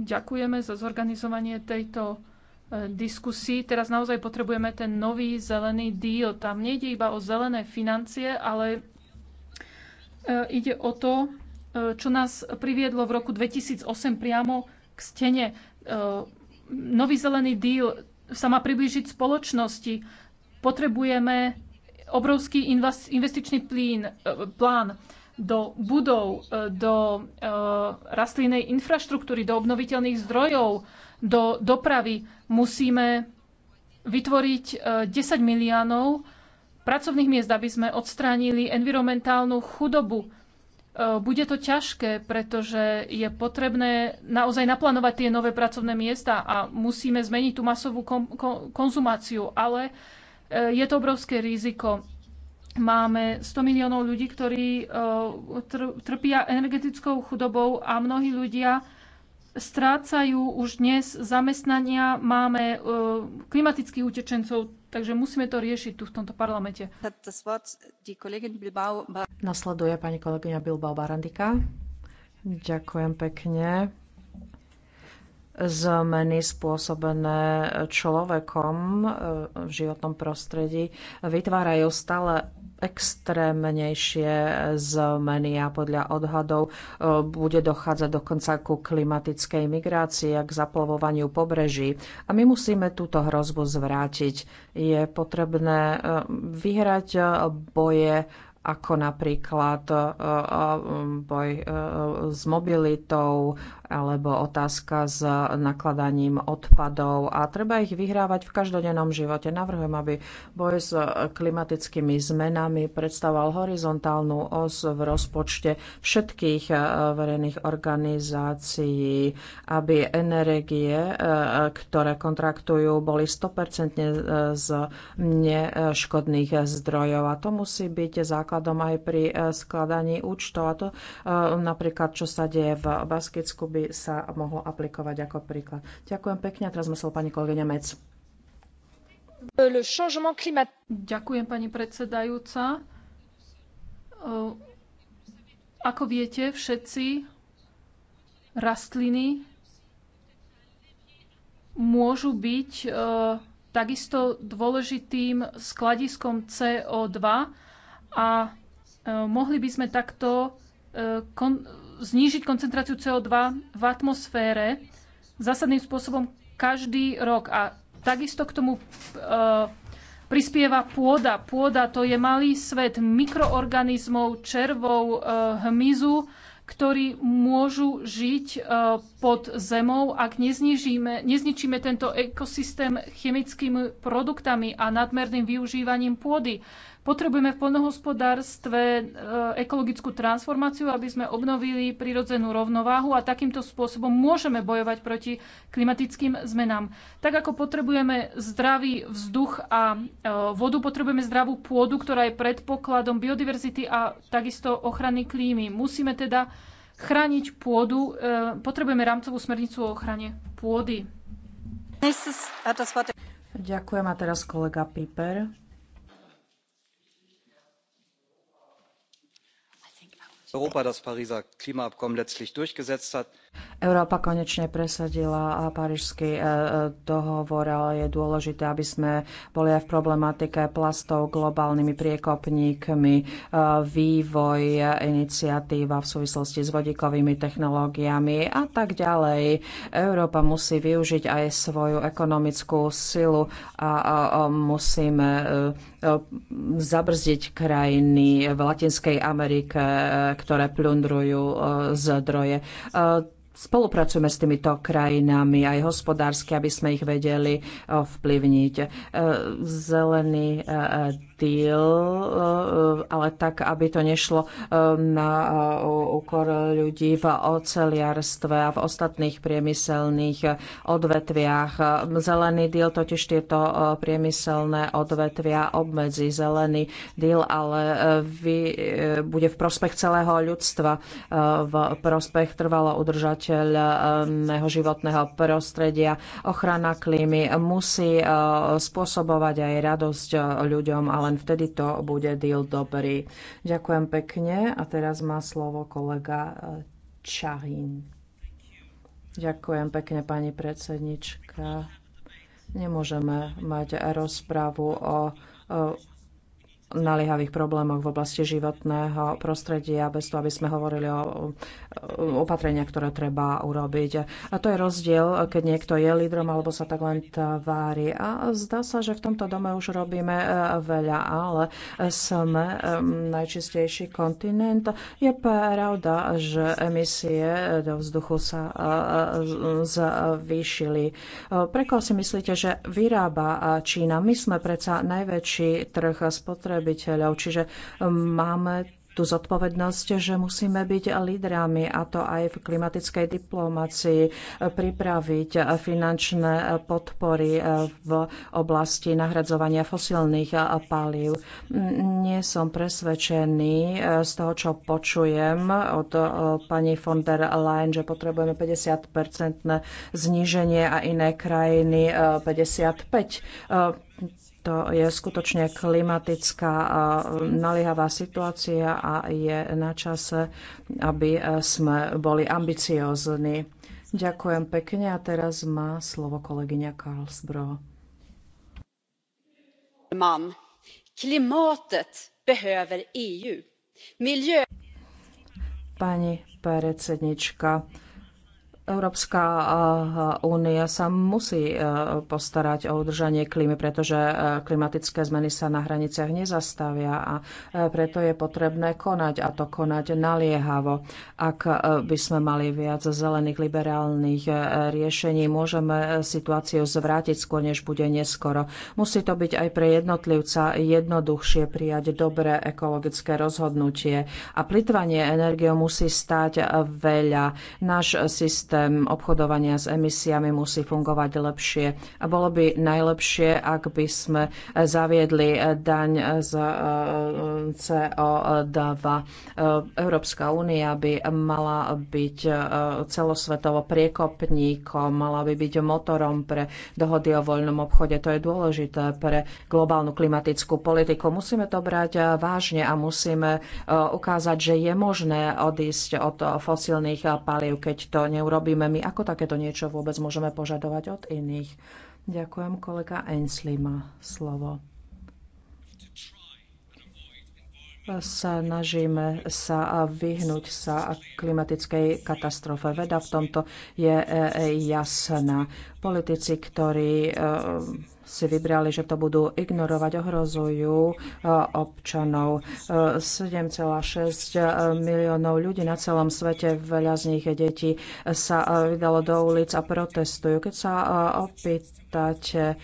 Ďakujeme za zorganizovanie tejto e, diskusii. Teraz naozaj potrebujeme ten nový zelený díl. Tam nejde iba o zelené financie, ale e, ide o to, e, čo nás priviedlo v roku 2008 priamo k stene. Nový zelený díl sa má priblížiť spoločnosti. Potrebujeme obrovský investičný plín, e, plán do budov, e, do e, rastlinnej infraštruktúry, do obnoviteľných zdrojov, do dopravy musíme vytvoriť 10 miliónov pracovných miest, aby sme odstránili environmentálnu chudobu. Bude to ťažké, pretože je potrebné naozaj naplánovať tie nové pracovné miesta a musíme zmeniť tú masovú konzumáciu, ale E, je to obrovské riziko. Máme 100 miliónov ľudí, ktorí e, trpia energetickou chudobou a mnohí ľudia strácajú už dnes zamestnania. Máme e, klimatických utečencov, takže musíme to riešiť tu v tomto parlamente. Nasleduje pani kolegyňa Bilbao Barandika. Ďakujem pekne zmeny spôsobené človekom e, v životnom prostredí vytvárajú stále extrémnejšie zmeny a podľa odhadov e, bude dochádzať dokonca ku klimatickej migrácii a k zaplavovaniu pobreží. A my musíme túto hrozbu zvrátiť. Je potrebné e, vyhrať boje ako napríklad boj s mobilitou, alebo otázka s nakladaním odpadov a treba ich vyhrávať v každodennom živote. Navrhujem, aby boj s klimatickými zmenami predstavoval horizontálnu os v rozpočte všetkých eh, verejných organizácií, aby energie, eh, ktoré kontraktujú, boli 100% eh, z neškodných zdrojov. A to musí byť základom aj pri skladaní účtov. A to napríklad, čo sa deje v Baskicku, by by sa mohlo aplikovať ako príklad. Ďakujem pekne a teraz sme slovo pani kolegyňa Mec. Ďakujem, pani predsedajúca. Ako viete, všetci rastliny môžu byť e, takisto dôležitým skladiskom CO2 a e, mohli by sme takto e, znížiť koncentráciu CO2 v atmosfére zásadným spôsobom každý rok. A takisto k tomu e, prispieva pôda. Pôda to je malý svet mikroorganizmov, červov, e, hmyzu, ktorí môžu žiť e, pod zemou, ak neznižíme, nezničíme tento ekosystém chemickými produktami a nadmerným využívaním pôdy. Potrebujeme v poľnohospodárstve e, ekologickú transformáciu, aby sme obnovili prirodzenú rovnováhu a takýmto spôsobom môžeme bojovať proti klimatickým zmenám. Tak ako potrebujeme zdravý vzduch a e, vodu, potrebujeme zdravú pôdu, ktorá je predpokladom biodiverzity a takisto ochrany klímy. Musíme teda chrániť pôdu. E, potrebujeme rámcovú smernicu o ochrane pôdy. Uh, Ďakujem a teraz kolega Piper. europa das pariser klimaabkommen letztlich durchgesetzt hat. Európa konečne presadila Parížský e, e, dohovor, ale je dôležité, aby sme boli aj v problematike plastov globálnymi priekopníkmi, e, vývoj, iniciatíva v súvislosti s vodíkovými technológiami a tak ďalej. Európa musí využiť aj svoju ekonomickú silu a musíme zabrzdiť krajiny v Latinskej Amerike, ktoré plundrujú zdroje spolupracujeme s týmito krajinami aj hospodársky, aby sme ich vedeli eh, vplyvniť. Eh, zelený eh, deal, ale tak, aby to nešlo na úkor ľudí v oceliarstve a v ostatných priemyselných odvetviach. Zelený deal totiž tieto priemyselné odvetvia obmedzi Zelený deal ale vy, bude v prospech celého ľudstva, v prospech trvalo udržať udržateľného životného prostredia. Ochrana klímy musí e, spôsobovať aj radosť e, ľuďom a len vtedy to bude deal dobrý. Ďakujem pekne a teraz má slovo kolega e, Čahín. Ďakujem pekne, pani predsednička. Nemôžeme mať rozprávu o naliehavých problémoch v oblasti životného prostredia, bez toho, aby sme hovorili o opatrenia, ktoré treba urobiť. A to je rozdiel, keď niekto je lídrom alebo sa tak len tvári. A zdá sa, že v tomto dome už robíme e, veľa, ale sme e, najčistejší kontinent. Je pravda, že emisie do vzduchu sa e, zvýšili. Preko si myslíte, že vyrába Čína? My sme predsa najväčší trh spotrebiteľov, čiže máme tú zodpovednosť, že musíme byť lídrami, a to aj v klimatickej diplomácii, pripraviť finančné podpory v oblasti nahradzovania fosilných palív. Nie som presvedčený z toho, čo počujem od pani von der Leyen, že potrebujeme 50-percentné zníženie a iné krajiny 55 to je skutočne klimatická naliehavá situácia a je na čase, aby e, sme boli ambiciózni. Ďakujem pekne a teraz má slovo kolegyňa Karlsbro. Man. Klimatet behöver EU. Miljö... Pani predsednička, Európska eh, únia sa musí eh, postarať o udržanie klímy, pretože eh, klimatické zmeny sa na hraniciach nezastavia a preto je potrebné konať a to konať naliehavo. Ak by sme mali viac zelených liberálnych riešení, môžeme situáciu zvrátiť skôr, než bude neskoro. Musí to byť aj pre jednotlivca jednoduchšie prijať dobré ekologické rozhodnutie a plitvanie energiou musí stať veľa. Náš systém systém obchodovania s emisiami musí fungovať lepšie. A bolo by najlepšie, ak by sme zaviedli daň z e, CO2. E, Európska únia by mala byť e, celosvetovo priekopníkom, mala by byť motorom pre dohody o voľnom obchode. To je dôležité pre globálnu klimatickú politiku. Musíme to brať vážne a musíme ukázať, že je možné odísť od fosílnych palív, keď to neurobíme robíme my? Ako takéto niečo vôbec môžeme požadovať od iných? Ďakujem, kolega Ainsley má slovo. snažíme sa vyhnúť sa klimatickej katastrofe. Veda v tomto je e, e, jasná. Politici, ktorí e, si vybrali, že to budú ignorovať, ohrozujú e, občanov. 7,6 e, miliónov ľudí na celom svete, veľa z nich deti, sa e, vydalo do ulic a protestujú. Keď sa opýt opýtate,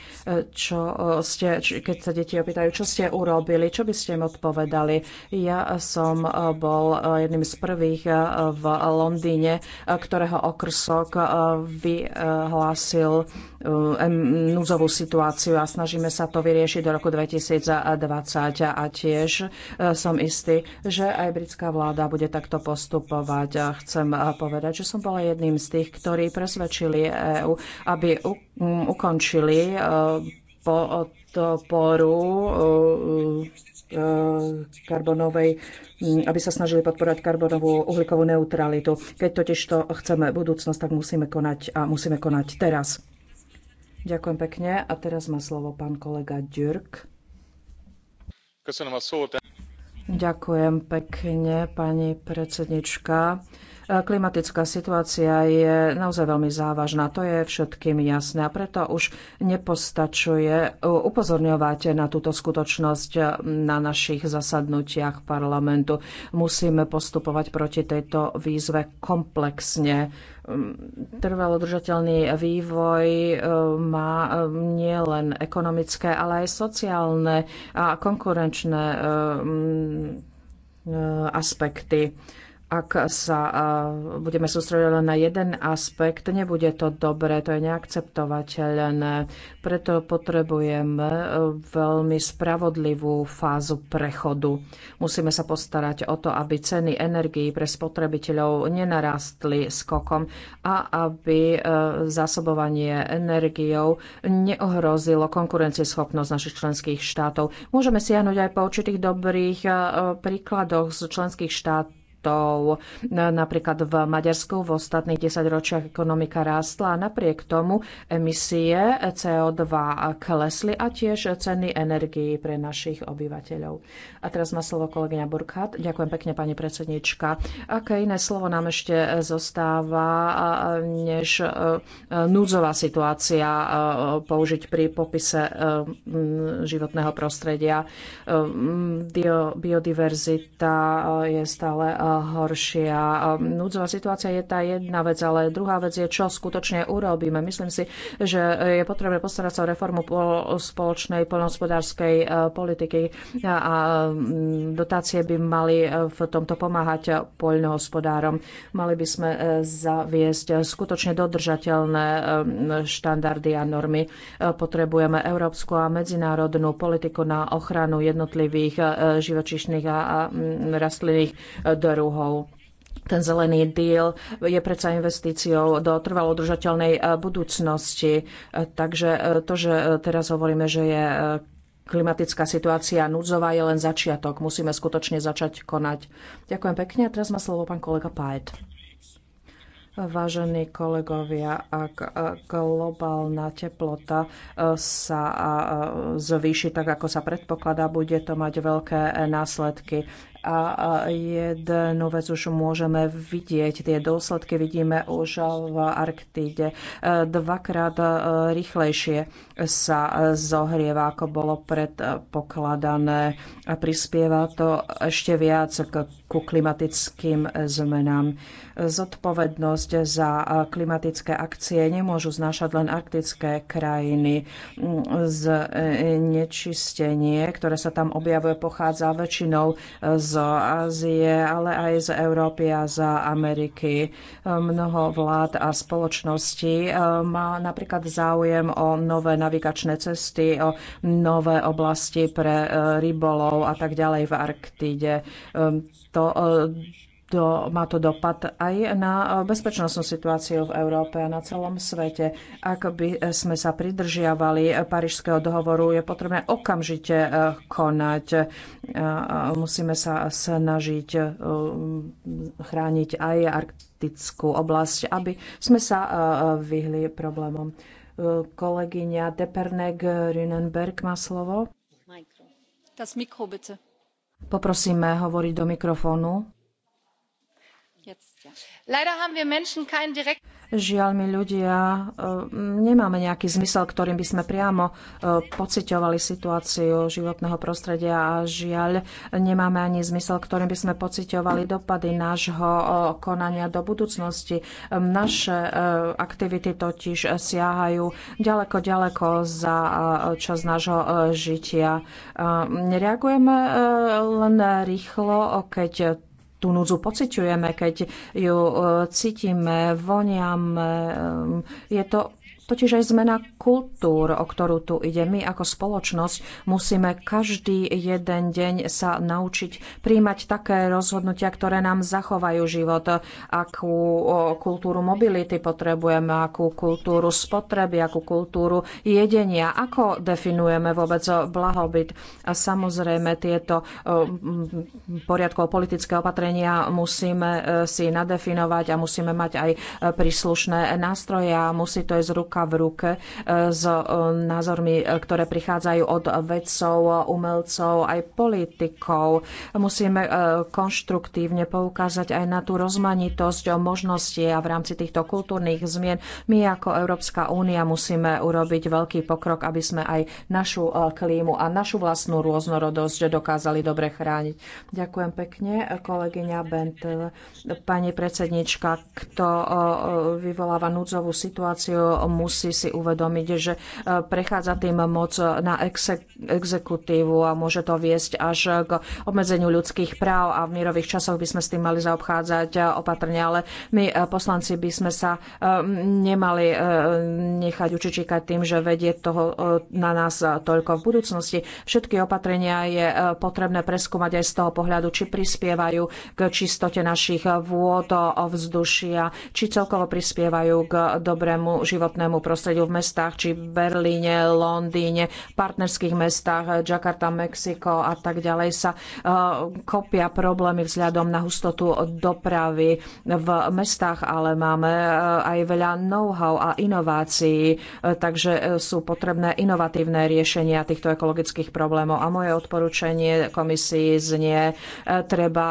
čo e, ste, keď sa deti opýtajú, čo ste urobili, čo by ste im odpovedali. Ja som e, bol e, jedným z prvých v Londýne, ktorého okrsok vyhlásil núzovú situáciu a snažíme sa to vyriešiť do roku 2020 a tiež som istý, že aj britská vláda bude takto postupovať. A chcem povedať, že som bola jedným z tých, ktorí presvedčili EU, aby ukončili skončili eh, po odporu eh, eh, karbonovej, hm, aby sa snažili podporovať karbonovú uhlíkovú neutralitu. Keď totiž to chceme budúcnosť, tak musíme konať a musíme konať teraz. Ďakujem pekne. A teraz má slovo pán kolega Dürk. Ďakujem pekne, pani predsednička. Klimatická situácia je naozaj veľmi závažná, to je všetkým jasné a preto už nepostačuje upozorňovať na túto skutočnosť na našich zasadnutiach parlamentu. Musíme postupovať proti tejto výzve komplexne. Trvalo držateľný vývoj um, má um, nielen ekonomické, ale aj sociálne a konkurenčné um, uh, aspekty ak sa budeme sústrediť len na jeden aspekt, nebude to dobré, to je neakceptovateľné. Preto potrebujeme veľmi spravodlivú fázu prechodu. Musíme sa postarať o to, aby ceny energií pre spotrebiteľov nenarastli skokom a aby e, zásobovanie energiou neohrozilo konkurencieschopnosť našich členských štátov. Môžeme siahnuť aj po určitých dobrých e, príkladoch z členských štátov, rastov. Napríklad v Maďarsku v ostatných 10 ročiach ekonomika rástla a napriek tomu emisie CO2 klesli a tiež ceny energii pre našich obyvateľov. A teraz má slovo kolegyňa Burkhardt. Ďakujem pekne, pani predsednička. Aké iné slovo nám ešte zostáva, než e, núdzová situácia e, použiť pri popise e, životného prostredia. Biodiverzita je stále horšia. Um, núdzová situácia je tá jedna vec, ale druhá vec je, čo skutočne urobíme. Myslím si, že je potrebné postarať sa o reformu spoločnej poľnohospodárskej e, politiky a mm, dotácie by mali e, v tomto pomáhať poľnohospodárom. Mali by sme e, zaviesť skutočne dodržateľné štandardy a normy. Potrebujeme európsku a medzinárodnú politiku na ochranu jednotlivých živočíšnych a mm, rastlinných druhov druhov. Ten zelený deal je predsa investíciou do trvalo udržateľnej e, budúcnosti. E, takže e, to, že teraz hovoríme, že je klimatická situácia núdzová, je len začiatok. Musíme skutočne začať konať. Ďakujem pekne. A teraz má slovo pán kolega Paet. Vážení kolegovia, ak globálna teplota sa zvýši tak, ako sa predpokladá, bude to mať veľké následky. A jednu vec už môžeme vidieť, tie dôsledky vidíme už v Arktíde. Dvakrát rýchlejšie sa zohrieva, ako bolo predpokladané a prispieva to ešte viac k ku klimatickým zmenám. Zodpovednosť za klimatické akcie nemôžu znášať len arktické krajiny. Z nečistenie, ktoré sa tam objavuje, pochádza väčšinou z z Ázie, ale aj z Európy a z Ameriky. Mnoho vlád a spoločností eh, má napríklad záujem o nové navigačné cesty, o nové oblasti pre eh, rybolov a tak ďalej v Arktíde. Ehm, to eh, to, má to dopad aj na bezpečnostnú situáciu v Európe a na celom svete. Ak by sme sa pridržiavali Parížského dohovoru, je potrebné okamžite eh, konať. Eh, musíme sa snažiť eh, chrániť aj arktickú oblasť, aby sme sa vyhli problémom. Kolegyňa Depernek Rinenberg má slovo. Poprosíme hovoriť do mikrofónu. Žiaľ, my ľudia eh, nemáme nejaký zmysel, ktorým by sme priamo eh, pociťovali situáciu životného prostredia a žiaľ, nemáme ani zmysel, ktorým by sme pociťovali dopady nášho eh, konania do budúcnosti. Ehm, naše aktivity totiž siahajú ďaleko, ďaleko za čas nášho žitia. Ehm, nereagujeme len rýchlo, keď tú núdzu pociťujeme, keď ju e, cítime, voniam. E, je to totiž aj zmena kultúr, o ktorú tu ide. My ako spoločnosť musíme každý jeden deň sa naučiť príjmať také rozhodnutia, ktoré nám zachovajú život, akú kultúru mobility potrebujeme, akú kultúru spotreby, akú kultúru jedenia, ako definujeme vôbec blahobyt. A samozrejme tieto poriadkov politické opatrenia musíme e, si nadefinovať a musíme mať aj e, príslušné nástroje a musí to ísť ruka ruka v ruke e, s e, názormi, e, ktoré prichádzajú od vedcov, umelcov, aj politikov. Musíme konštruktívne poukázať aj na tú rozmanitosť možnosti a v rámci týchto kultúrnych zmien my ako Európska únia musíme urobiť veľký pokrok, aby sme aj našu klímu a našu vlastnú rôznorodosť dokázali dobre chrániť. Ďakujem pekne, kolegyňa Bent. Pani predsednička, kto vyvoláva núdzovú situáciu, musí musí si uvedomiť, že e, prechádza tým moc na exekutívu a môže to viesť až k obmedzeniu ľudských práv a v mierových časoch by sme s tým mali zaobchádzať e, opatrne, ale my e, poslanci by sme sa nemali nechať učičíkať tým, že vedie toho na nás toľko v budúcnosti. Všetky opatrenia je potrebné preskúmať aj z toho pohľadu, či prispievajú k čistote našich vôd, ovzdušia, či celkovo prispievajú k dobrému životnému životnému prostrediu v mestách či Berlíne, Londýne, partnerských mestách, Jakarta, Mexiko a tak ďalej sa e, kopia problémy vzhľadom na hustotu dopravy. V mestách ale máme e, aj veľa know-how a inovácií, e, takže sú potrebné inovatívne riešenia týchto ekologických problémov. A moje odporúčanie komisii znie, treba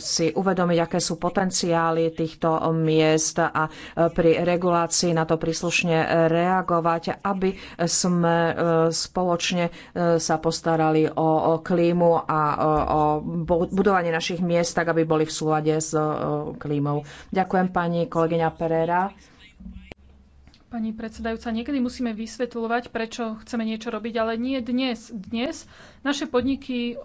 si uvedomiť, aké sú potenciály týchto miest a pri regulácii na to príslušné príslušne reagovať, aby sme e, spoločne e, sa postarali o klímu a e, o budovanie našich miest tak, aby boli v súlade s klímou. Ďakujem pani kolegyňa Pereira. Pani predsedajúca, niekedy musíme vysvetľovať, prečo chceme niečo robiť, ale nie dnes. Dnes naše podniky